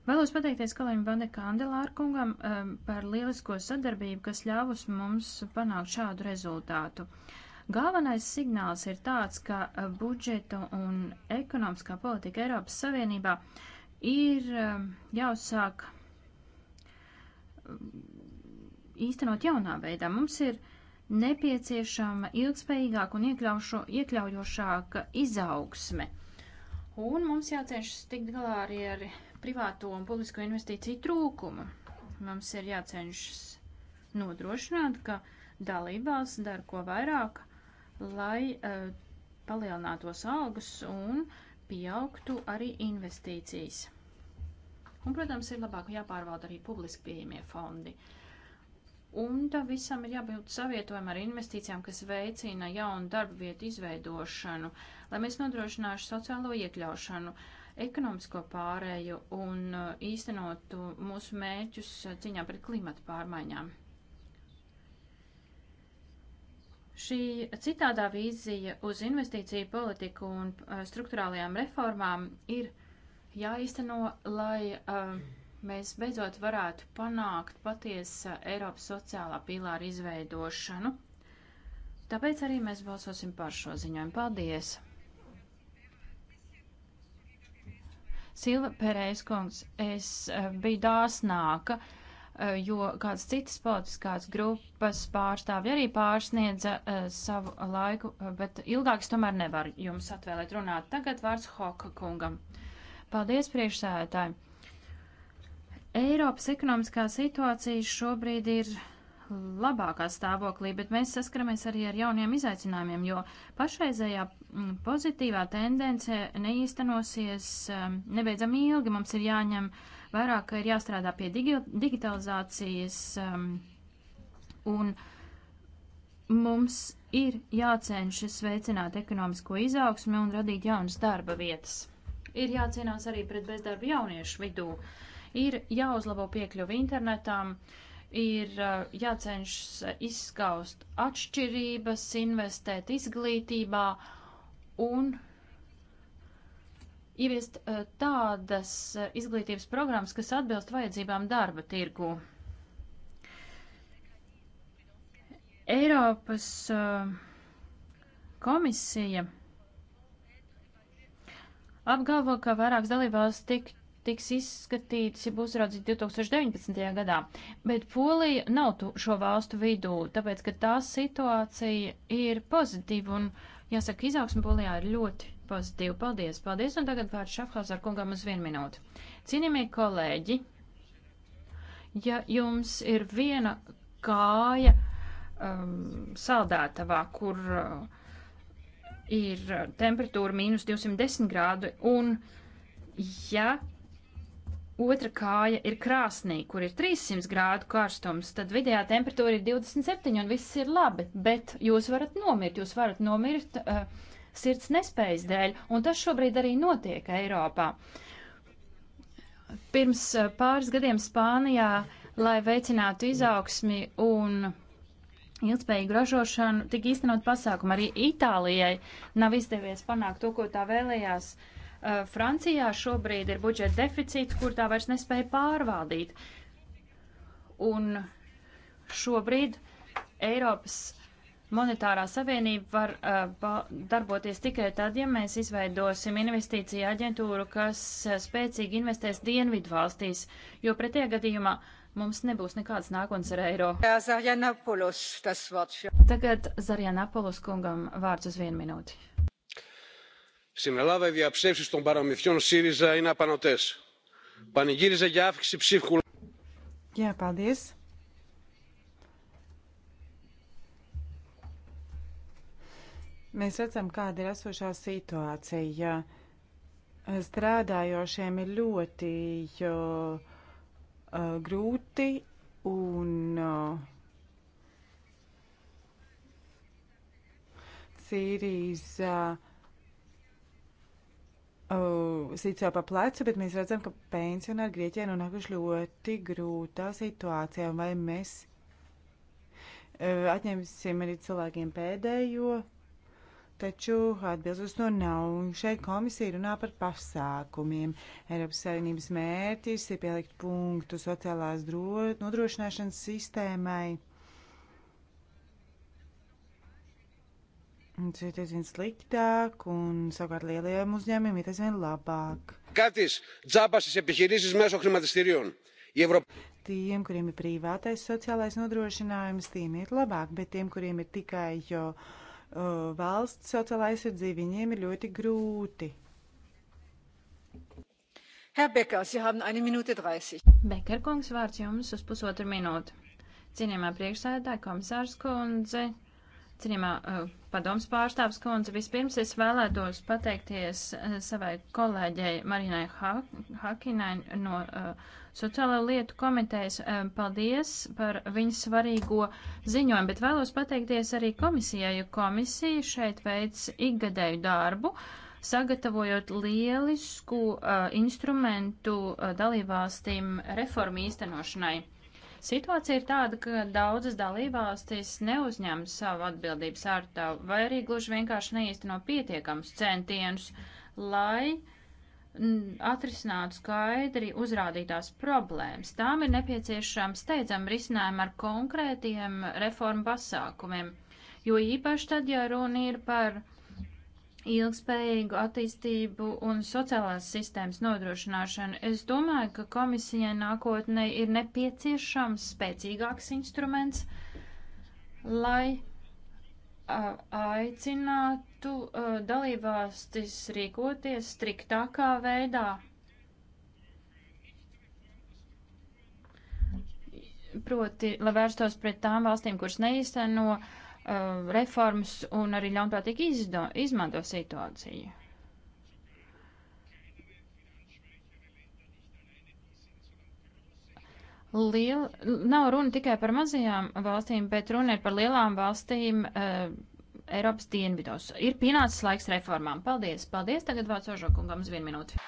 [SPEAKER 5] Vēlos pateikties Kalim Vande Kandelāru kungam par lielisko sadarbību, kas ļāvus mums panākt šādu rezultātu. Galvenais signāls ir tāds, ka budžeta un ekonomiskā politika Eiropas Savienībā ir jāuzsāk mm, īstenot jaunā veidā. Mums ir uh, nepieciešama ilgspējīgāka un iekļaušo, iekļaujošāka izaugsme. Un mums jācenšas tikt galā arī ar privāto un publisko investīciju trūkumu. Mums ir jācenšas nodrošināt, ka dalībvalsts dara ko vairāk, lai uh, palielinātos algas un pieaugtu arī investīcijas. Un, protams, ir labāk jāpārvalda arī publiski pieejamie fondi. Uh, Un tam visam ir jābūt savietojumam ar investīcijām, kas veicina jaunu darba vietu izveidošanu, lai mēs nodrošinātu sociālo iekļaušanu, ekonomisko pārēju un uh, īstenotu mūsu mērķus uh, cīņā pret klimatu pārmaiņām. Šī citādā vīzija uz investīciju politiku un uh, struktūrālajām reformām ir jāizteno, lai uh, mēs beidzot varētu panākt patiesa Eiropas sociālā pīlāra izveidošanu. Tāpēc arī mēs balsosim par šo ziņojumu. Paldies! Silva Pērējas kungs, es eh, biju dāsnāka eh, jo kādas citas politiskās grupas pārstāvji arī pārsniedza uh, savu laiku, bet ilgāks tomēr nevar jums atvēlēt runāt. Tagad vārds Hoka kungam. Paldies, priekšsēdētāji! Eiropas ekonomiskā situācija šobrīd ir labākā stāvoklī, bet mēs saskaramies arī ar jauniem izaicinājumiem, jo pašreizējā mm, pozitīvā tendence neīstenosies mm, nebeidzami ilgi. Mums ir jāņem vairāk, ka ir jāstrādā pie digi digitalizācijas mm, un mums ir jācenšas veicināt ekonomisko izaugsmi un radīt jaunas darba vietas. Ir jācīnās arī pret bezdarbu jauniešu vidū. Uh, Ir jāuzlabo piekļuvi internetam, ir uh, jācenšas izskaust atšķirības, investēt izglītībā un ieviest uh, tādas uh, izglītības programmas, kas atbilst vajadzībām darba tirgū. Eiropas komisija apgalvo, ka vairākas dalībās tik tiks izskatīts, ja būs raudzīts 2019. gadā. Bet Polija nav šo valstu vidū, tāpēc, ka tā situācija ir pozitīva un, jāsaka, izaugsme Polijā ir ļoti pozitīva. Paldies, paldies, un tagad vārds Šafhauzar kungam uz vienu minūtu. Cienījamie kolēģi, ja jums ir viena kāja um, saldētavā, kur uh, ir uh, temperatūra mīnus 210 grādu, un ja otra kāja ir krāsnī, kur ir 300 grādu karstums, tad vidējā temperatūra ir 27 un viss ir labi, bet jūs varat nomirt, jūs varat nomirt uh, sirds nespējas dēļ, un tas šobrīd arī notiek Eiropā. Pirms uh, pāris gadiem Spānijā, lai veicinātu izaugsmi un ilgspējīgu ražošanu, tika īstenot pasākumu. Arī Itālijai nav izdevies panākt to, ko tā vēlējās. Uh, Eh, Francijā šobrīd ir budžeta deficīts, kur tā vairs nespēja pārvaldīt. Un šobrīd Eiropas monetārā savienība var uh, darboties tikai tad, ja mēs izveidosim investīciju aģentūru, kas eh, spēcīgi investēs dienvidu valstīs, jo pretie gadījumā mums nebūs nekāds nākotnes ar eiro. Tagad Zarjanapolos kungam vārds uz vienu
[SPEAKER 4] minūti
[SPEAKER 1] στην ελλάδα οι διαψεύσεις των παραμυθιών ΣΥΡΙΖΑ είναι απανοτές. Πανηγύριζε για αύξηση ψήφου.
[SPEAKER 4] Jā, paldies. Mēs redzam, kāda ir esošā situācija. Strādājošiem ir ļoti jo, uh, grūti un uh, Sīrijas uh, uh, oh, situācijā pa plecu, bet mēs redzam, ka pensionāri Grieķijā nonākuši ļoti grūtā situācijā. Vai mēs uh, atņemsim arī cilvēkiem pēdējo, taču atbildes no nav. Un šeit komisija runā par pasākumiem. Eiropas Savienības mērķis ir pielikt punktu sociālās nodrošināšanas sistēmai Tas ir aizvien sliktāk, un savukārt lielajiem uzņēmumiem ir aizvien labāk.
[SPEAKER 1] Kāds dzābās šis epiķirīzis mēso klimatistīrijon?
[SPEAKER 4] Tiem, kuriem ir privātais sociālais nodrošinājums, tiem ir labāk, bet tiem, kuriem ir tikai jo, o, valsts sociālā aizsardzība, viņiem ir ļoti grūti.
[SPEAKER 5] Herr Becker, Sie haben eine Minute 30. Becker kungs, vārds jums uz pusotru minūtu. Cienījamā priekšsēdētāja komisārs kundze, Cienījumā uh, padoms pārstāvs kundze, vispirms es vēlētos pateikties uh, savai kolēģei Marinai ha Hakinai no uh, Sociālo lietu komitejas. Uh, paldies par viņas svarīgo ziņojumu, bet vēlos pateikties arī komisijai, jo komisija šeit veic ikgadēju darbu sagatavojot lielisku uh, instrumentu uh, dalībvalstīm reformu īstenošanai. Situācija ir tāda, ka daudzas dalībvalstis neuzņem savu atbildības ārtavu vai arī gluži vienkārši neīsteno pietiekams centienus, lai mm, atrisinātu skaidri uzrādītās problēmas. Tām ir nepieciešams steidzam risinājumu ar konkrētiem reformu pasākumiem, jo īpaši tad, ja runa ir par ilgspējīgu attīstību un sociālās sistēmas nodrošināšanu. Es domāju, ka komisijai nākotnē ir nepieciešams spēcīgāks instruments, lai a, aicinātu dalībvalstis rīkoties striktākā veidā. Proti, lai vērstos pret tām valstīm, kuras neīsteno no uh, reformas un arī ļaunprātīgi izdo, izmanto situāciju. Liel, nav runa tikai par mazajām valstīm, bet runa ir par lielām valstīm uh, Eiropas dienvidos. Ir pienācis laiks reformām. Paldies! Paldies! Tagad vārds Ožokungam uz vienu minūti.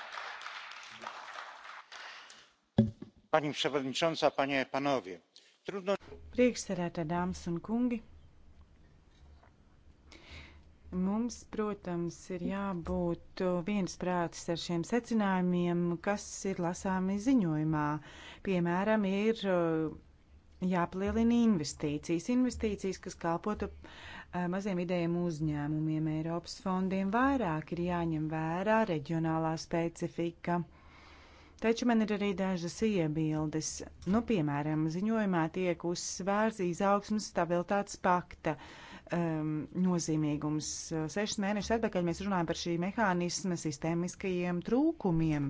[SPEAKER 1] Pani przewodnicząca, panie, panowie.
[SPEAKER 4] Trudno... Priekšsēdētāji, dāmas un kungi! Mums, protams, ir jābūt viensprātis ar šiem secinājumiem, kas ir lasāmi ziņojumā. Piemēram, ir uh, jāpalielina investīcijas. Investīcijas, kas kalpotu uh, maziem idejiem uzņēmumiem, Eiropas fondiem vairāk ir jāņem vērā reģionālā specifika. Taču man ir arī dažas iebildes. Nu, piemēram, ziņojumā tiek uzsvērts izaugsmas stabilitātes pakta. Uh, um, nozīmīgums. Uh, sešas mēnešus atpakaļ mēs runājam par šī mehānisma sistēmiskajiem trūkumiem,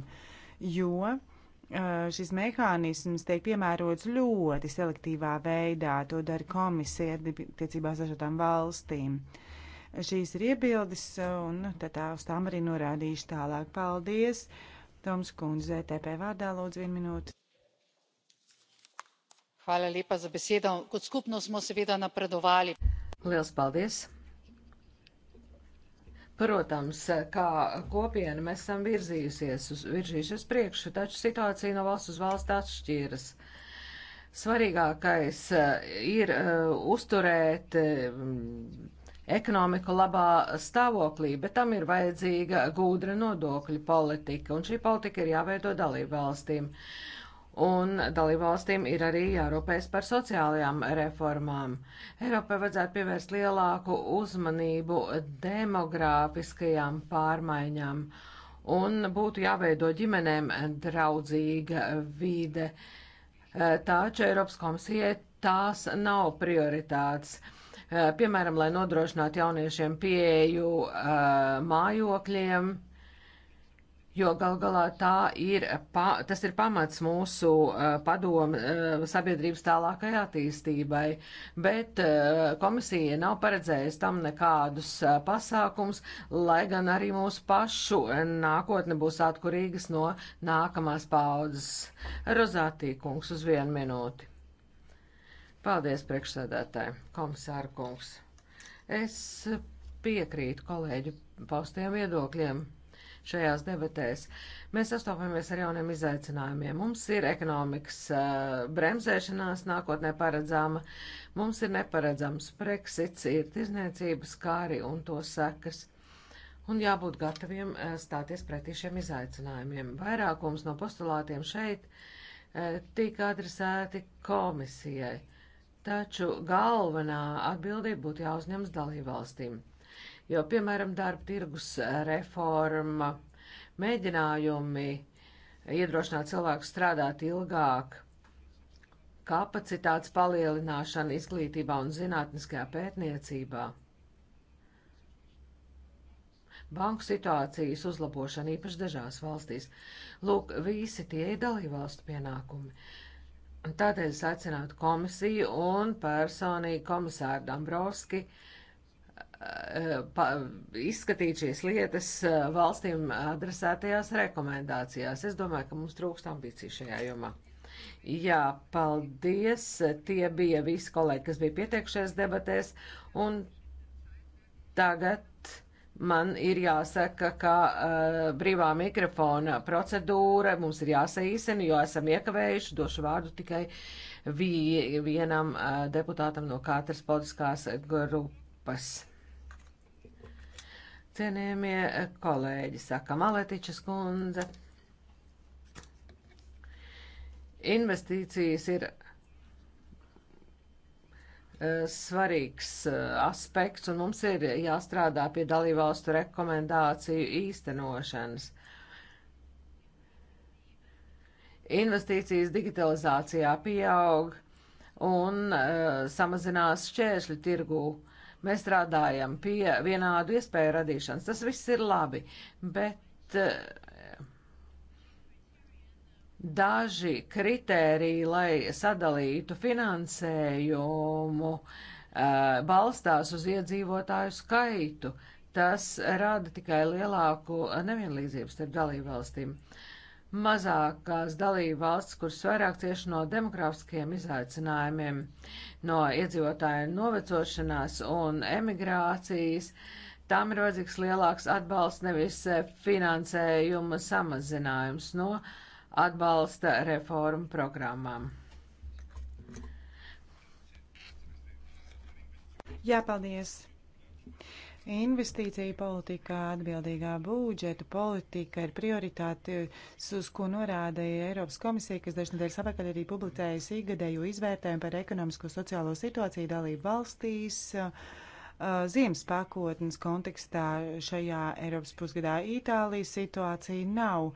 [SPEAKER 4] jo uh, šis mehānisms tiek piemērots ļoti selektīvā veidā. To dara komisija attiecībās ar šādām valstīm. Šīs ir iebildes, uh, un nu, tā, tā uz tām arī norādīšu tālāk. Paldies! Toms Kundze, e TP vārdā lūdzu vienu minūti
[SPEAKER 3] kot skupnost smo seveda napredovali.
[SPEAKER 4] Liels paldies!
[SPEAKER 6] Protams, kā kopiena mēs esam virzījusies uz, virzījušies priekšu, taču situācija no valsts uz valsts atšķīras. Svarīgākais eh, ir eh, uzturēt eh, ekonomiku labā stāvoklī, bet tam ir vajadzīga gūdra nodokļu politika, un šī politika ir jāveido dalību valstīm. Uh, un dalībvalstīm ir arī jārūpējas par sociālajām reformām. Eiropai vajadzētu pievērst lielāku uzmanību demogrāfiskajām pārmaiņām un būtu jāveido ģimenēm draudzīga vide. Eh, taču Eiropas komisijai tās nav prioritātes eh, piemēram, lai nodrošinātu jauniešiem pieeju uh, mājokļiem, jo gal galā tā ir, pa, tas ir pamats mūsu eh, padomu eh, sabiedrības tālākai attīstībai, bet eh, komisija nav paredzējusi tam nekādus pasākums, lai gan arī mūsu pašu nākotne būs atkurīgas no nākamās paudzes. Rozātī kungs uz vienu minūti. Paldies, priekšsēdētāji, komisāra kungs. Es piekrītu kolēģu paustiem viedokļiem šajās debatēs. Mēs sastopamies ar jauniem izaicinājumiem. Mums ir ekonomikas eh, bremzēšanās nākotnē paredzama, mums ir neparedzams Brexits, ir tirzniecības kāri un to sekas. Un jābūt gataviem eh, stāties pretī šiem izaicinājumiem. Vairākums no postulātiem šeit eh, tika adresēti komisijai taču galvenā atbildība būtu jāuzņemas dalībvalstīm jo, piemēram, darba tirgus eh, reforma, mēģinājumi iedrošināt cilvēku strādāt ilgāk, kapacitātes palielināšana izglītībā un zinātniskajā pētniecībā, banku situācijas uzlabošana īpaši dažās valstīs. Lūk, visi tie ir dalībvalstu pienākumi. Tādēļ es aicinātu komisiju un personīgi komisāru Dambrovski uh, pa, izskatīt šīs lietas eh, valstīm adresētajās rekomendācijās. Es domāju, ka mums trūkst ambīciju šajā jomā. Jā, paldies. Tie bija visi kolēģi, kas bija pieteikšies debatēs. Un tagad man ir jāsaka, ka uh, brīvā mikrofona procedūra mums ir jāsaīsina, jo esam iekavējuši. Došu vārdu tikai vi vienam uh, deputātam no katras politiskās grupas. Cienījamie kolēģi, saka Maletičas kundze, investīcijas ir eh, svarīgs eh, aspekts, un mums ir jāstrādā pie dalībvalstu rekomendāciju īstenošanas. Investīcijas digitalizācijā pieaug un uh, samazinās šķēršļu tirgū uh, Mēs strādājam pie vienādu iespēju radīšanas. Tas viss ir labi, bet eh, daži kritēriji, lai sadalītu finansējumu, eh, balstās uz iedzīvotāju skaitu. Tas rada tikai lielāku nevienlīdzību starp dalībvalstīm. valstīm mazākās dalība valsts, kuras vairāk cieši no demografiskiem izaicinājumiem, no iedzīvotāju novecošanās un emigrācijas. Tām ir vajadzīgs lielāks atbalsts, nevis e, finansējuma samazinājums no atbalsta reformu programmām.
[SPEAKER 4] Jā, paldies! Investīcija politikā, atbildīgā būdžeta politika ir prioritāte, uz ko norādīja Eiropas komisija, kas dažs nedēļas apakaļ arī publicējusi ikgadējo izvērtējumu par ekonomisko sociālo situāciju dalību valstīs. Uh, ziemas pakotnes kontekstā šajā Eiropas pusgadā Itālijas situācija nav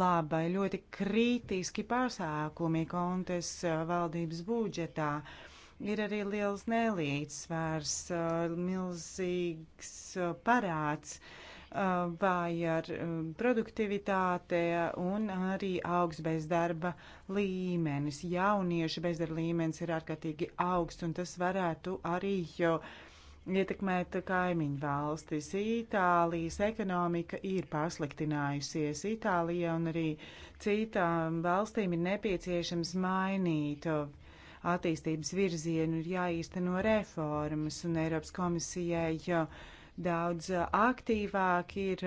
[SPEAKER 4] laba, ļoti kritiski pasākumi kontes uh, valdības budžetā. Uh, ir arī liels nelīdzsvars, uh, milzīgs uh, parāds uh, vai ar um, produktivitāte un arī augsts bezdarba līmenis. Jauniešu bezdarba līmenis ir ārkārtīgi augsts, un tas varētu arī jau ietekmēt kaimiņu valstis. Itālijas ekonomika ir pasliktinājusies. Itālija un arī citām valstīm ir nepieciešams mainīt attīstības virzienu, ir jāīsteno reformas, un Eiropas komisijai daudz aktīvāk ir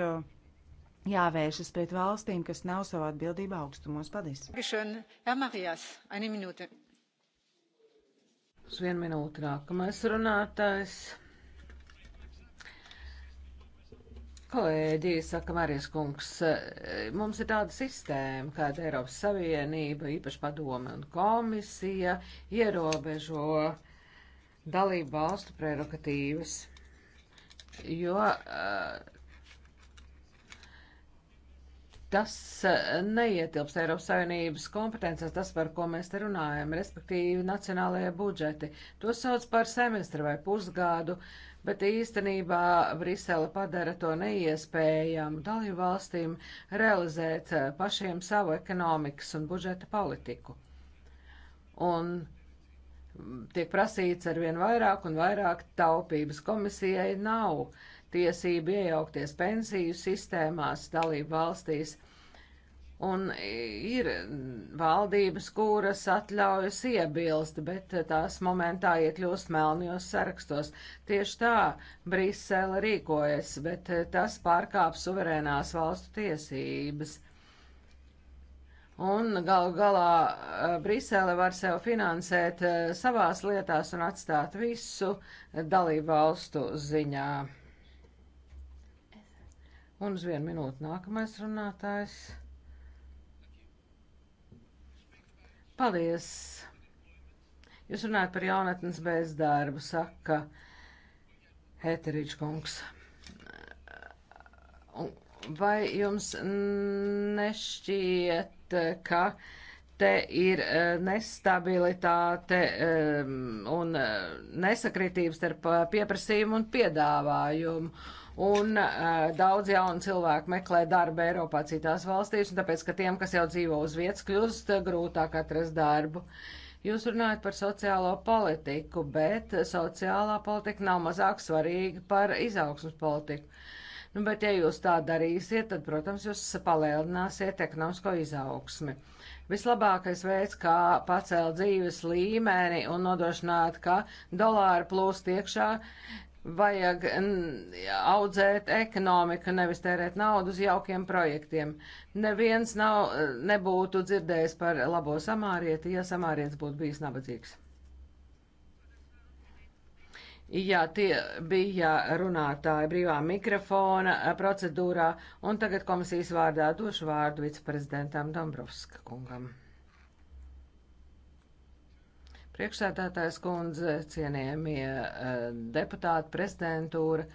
[SPEAKER 4] jāvēršas pret valstīm, kas nav savā atbildībā augstumos. Paldies!
[SPEAKER 6] Uz vienu minūti nākamais runātājs. Kolēģi, saka Marijas kungs, eh, mums ir tāda sistēma, kāda Eiropas Savienība, īpaši padome un komisija ierobežo dalību valstu prerogatīvas, jo eh, tas eh, neietilpst Eiropas Savienības kompetencijas, tas, par ko mēs te runājam, respektīvi nacionālajie budžeti. To sauc par semestru vai pusgadu. Uh, bet īstenībā Brisele padara to neiespējamu dalību valstīm realizēt eh, pašiem savu ekonomikas un budžeta politiku. Un mm, tiek prasīts ar vien vairāk un vairāk taupības komisijai nav tiesību iejaukties pensiju sistēmās dalību valstīs Un ir valdības, kuras atļaujas iebilst, bet tās momentā iekļūst melnījos sarakstos. Tieši tā Brisele rīkojas, bet tas pārkāp suverēnās valstu tiesības. Un galu galā eh, Brisele var sev finansēt eh, savās lietās un atstāt visu dalību valstu ziņā. Un uz vienu minūtu nākamais runātājs. Paldies! Jūs runājat par jaunatnes bezdarbu, saka Heteriča kungs. Vai jums nešķiet, ka te ir e, nestabilitāte e, un e, nesakritības starp pieprasījumu un piedāvājumu? un uh, daudz jaunu cilvēku meklē darbu Eiropā citās valstīs, un tāpēc, ka tiem, kas jau dzīvo uz vietas, kļūst eh, grūtāk atrast darbu. Jūs runājat par sociālo politiku, bet sociālā politika nav mazāk svarīga par izaugsmas politiku. Nu, bet, ja jūs tā darīsiet, tad, protams, jūs palielināsiet ekonomisko izaugsmi. Vislabākais veids, kā pacelt dzīves līmeni un nodrošināt, ka dolāri plūst iekšā, uh, vajag audzēt ekonomiku, nevis tērēt naudu uz jaukiem projektiem. Neviens nav, nebūtu dzirdējis par labo samārieti, ja samārietis būtu bijis nabadzīgs. Jā, tie bija runātāji brīvā mikrofona procedūrā, un tagad komisijas vārdā došu vārdu viceprezidentam Dombrovska kungam. Priekšsēdētājs kundze, cienījamie eh, deputāti, prezidentūra,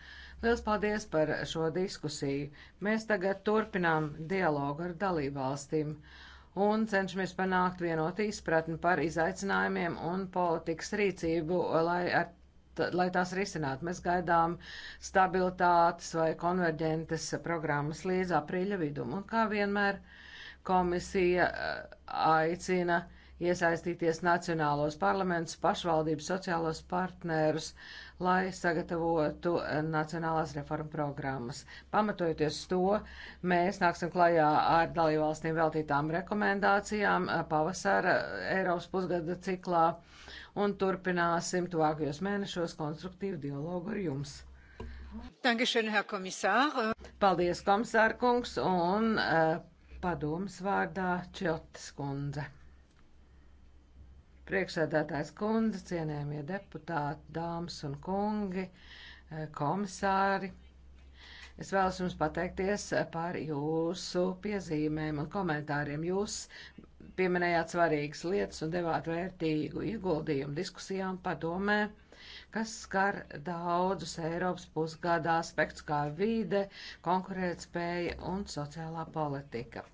[SPEAKER 6] liels paldies par šo diskusiju. Mēs tagad turpinām dialogu ar dalībvalstīm un cenšamies panākt vienotu izpratni par izaicinājumiem un politikas rīcību, lai, ar, lai tās risinātu. Mēs gaidām stabilitātes vai konverģentes programmas līdz aprīļa vidum. Un kā vienmēr komisija eh, aicina iesaistīties nacionālos parlamentus, pašvaldības sociālos partnerus, lai sagatavotu eh, nacionālās reformu programmas. Pamatojoties to, mēs nāksim klajā ar dalībvalstīm veltītām rekomendācijām eh, pavasara eh, Eiropas pusgada ciklā un turpināsim tuvākajos mēnešos konstruktīvu dialogu ar jums. Dankeschön, Herr Kommissar. Paldies, komisārkungs, un uh, padomas vārdā Čiotas kundze. Priekšsēdētājs kundze, cienējamie deputāti, dāmas un kungi, eh, komisāri. Es vēlos jums pateikties eh, par jūsu piezīmēm un komentāriem. Jūs pieminējāt svarīgas lietas un devāt vērtīgu ieguldījumu diskusijām padomē, kas skar daudzus Eiropas pusgada aspektus kā vīde, konkurētspēja un sociālā politika.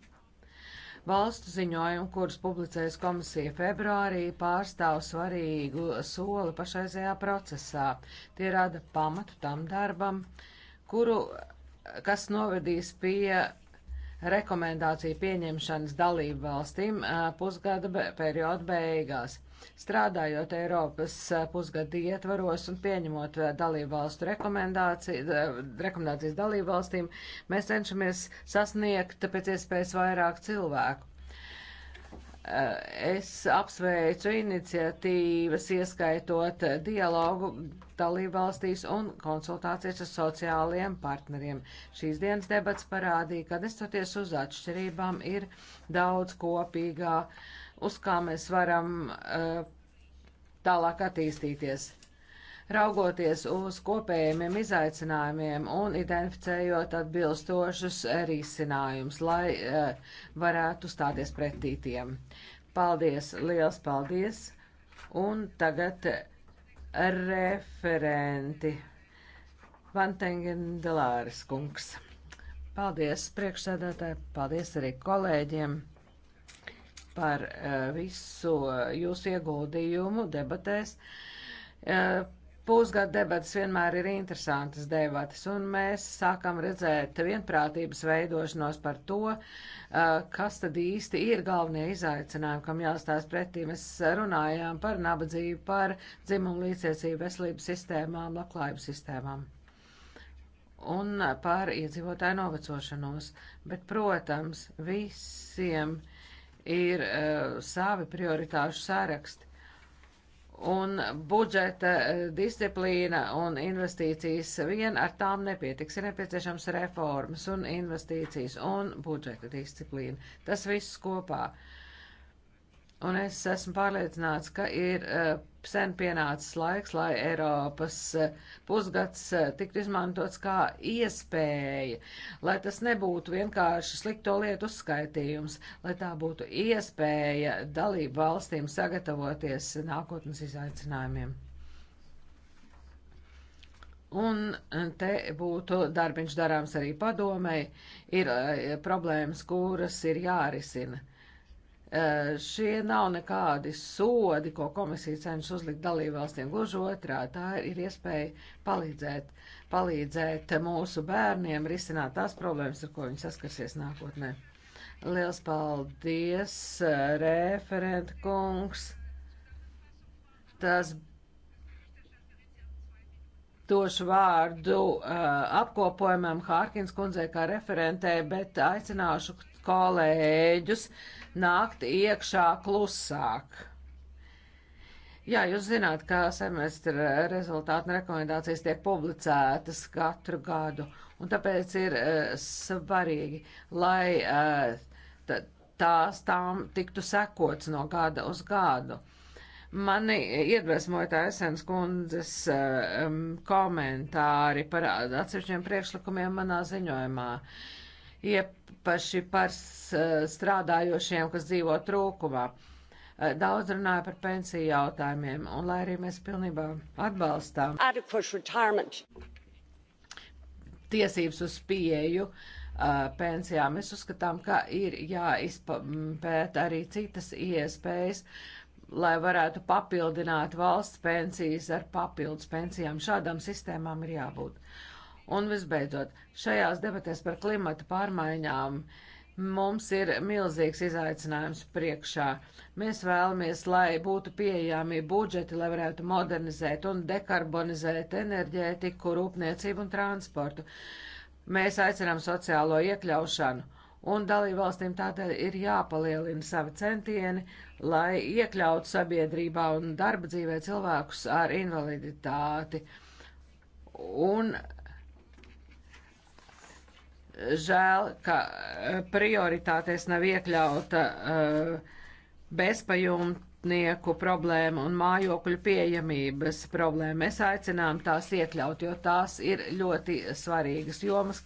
[SPEAKER 6] Valstu ziņojumu, kurus publicēs komisija februārī, pārstāv svarīgu soli pašaizējā procesā. Tie rada pamatu tam darbam, kuru, kas novedīs pie rekomendāciju pieņemšanas dalību valstīm pusgada perioda beigās strādājot Eiropas eh, pusgada ietvaros un pieņemot eh, dalībvalstu eh, rekomendācijas dalībvalstīm, mēs cenšamies sasniegt pēc iespējas vairāk cilvēku. Es apsveicu iniciatīvas, ieskaitot dialogu dalībvalstīs un konsultācijas ar sociālajiem partneriem. Šīs dienas debats parādīja, ka nestoties uz atšķirībām ir daudz kopīgā. Uh, uz kā mēs varam uh, tālāk attīstīties. Raugoties uz kopējiem izaicinājumiem un identificējot atbilstošus risinājumus, lai uh, varētu stāties pretī tiem. Paldies, liels paldies! Un tagad referenti Vantengen Delāris kungs. Paldies priekšsēdētāji, paldies arī kolēģiem! par eh, visu eh, jūsu ieguldījumu debatēs. Eh, pusgada debatas vienmēr ir interesantas debatas, un mēs sākam redzēt vienprātības veidošanos par to, kas tad īsti ir galvenie izaicinājumi, kam jāstāsta pretī. Mēs runājām par nabadzību, par dzimumu līdzsiecību, veselības sistēmām, labklājības sistēmām un par iedzīvotāju novecošanos. Bet, protams, visiem uh, ir uh, savi prioritāšu saraksti. Un budžeta eh, disciplīna un investīcijas vien ar tām nepietiks. Ir nepieciešams reformas un investīcijas un budžeta disciplīna. Tas viss kopā. Uh, Un es esmu pārliecināts, ka ir eh, sen pienācis laiks, lai Eiropas eh, pusgads eh, tiktu izmantots kā iespēja, lai tas nebūtu vienkārši slikto lietu uzskaitījums, lai tā būtu iespēja dalību valstīm sagatavoties nākotnes izaicinājumiem. Un te būtu darbiņš darāms arī padomei, ir problēmas, kuras ir jārisina. Šie nav nekādi sodi, ko komisija cenšas uzlikt dalībvalstīm. Gluži otrā, tā ir iespēja palīdzēt, palīdzēt mūsu bērniem risināt tās problēmas, ar ko viņi saskarsies nākotnē. Liels paldies, referent kungs. Tas došu vārdu uh, apkopojumam Hārkins kundzei kā referentē, bet aicināšu kolēģus nākt iekšā klusāk. Jā, jūs zināt, ka semestra rezultātu un rekomendācijas tiek publicētas katru gadu, un tāpēc ir uh, svarīgi, lai uh, tās tām tiktu sekots no gada uz gadu. Mani iedvesmoja tā esenas kundzes um, komentāri par atsevišķiem priekšlikumiem manā ziņojumā. Uh, iepaši par strādājošiem, kas dzīvo trūkumā. Eh, daudz runāja par pensiju jautājumiem, un lai arī mēs pilnībā atbalstām tiesības uz pieeju eh, pensijām, mēs uzskatām, ka ir jāizpēta arī citas iespējas, lai varētu papildināt valsts pensijas ar papildus pensijām. Šādām sistēmām ir jābūt. Uh, Un visbeidzot, šajās debatēs par klimata pārmaiņām mums ir milzīgs izaicinājums priekšā. Mēs vēlamies, lai būtu pieejami budžeti, lai varētu modernizēt un dekarbonizēt enerģētiku, rūpniecību un transportu. Mēs aicinām sociālo iekļaušanu un dalībvalstīm tādēļ ir jāpalielina savi centieni, lai iekļautu sabiedrībā un darba dzīvē cilvēkus ar invaliditāti. Un žēl, ka eh, prioritātēs nav iekļauta eh, bezpajumtnieku problēma un mājokļu pieejamības problēma. Mēs aicinām tās iekļaut, jo tās ir ļoti svarīgas jomas,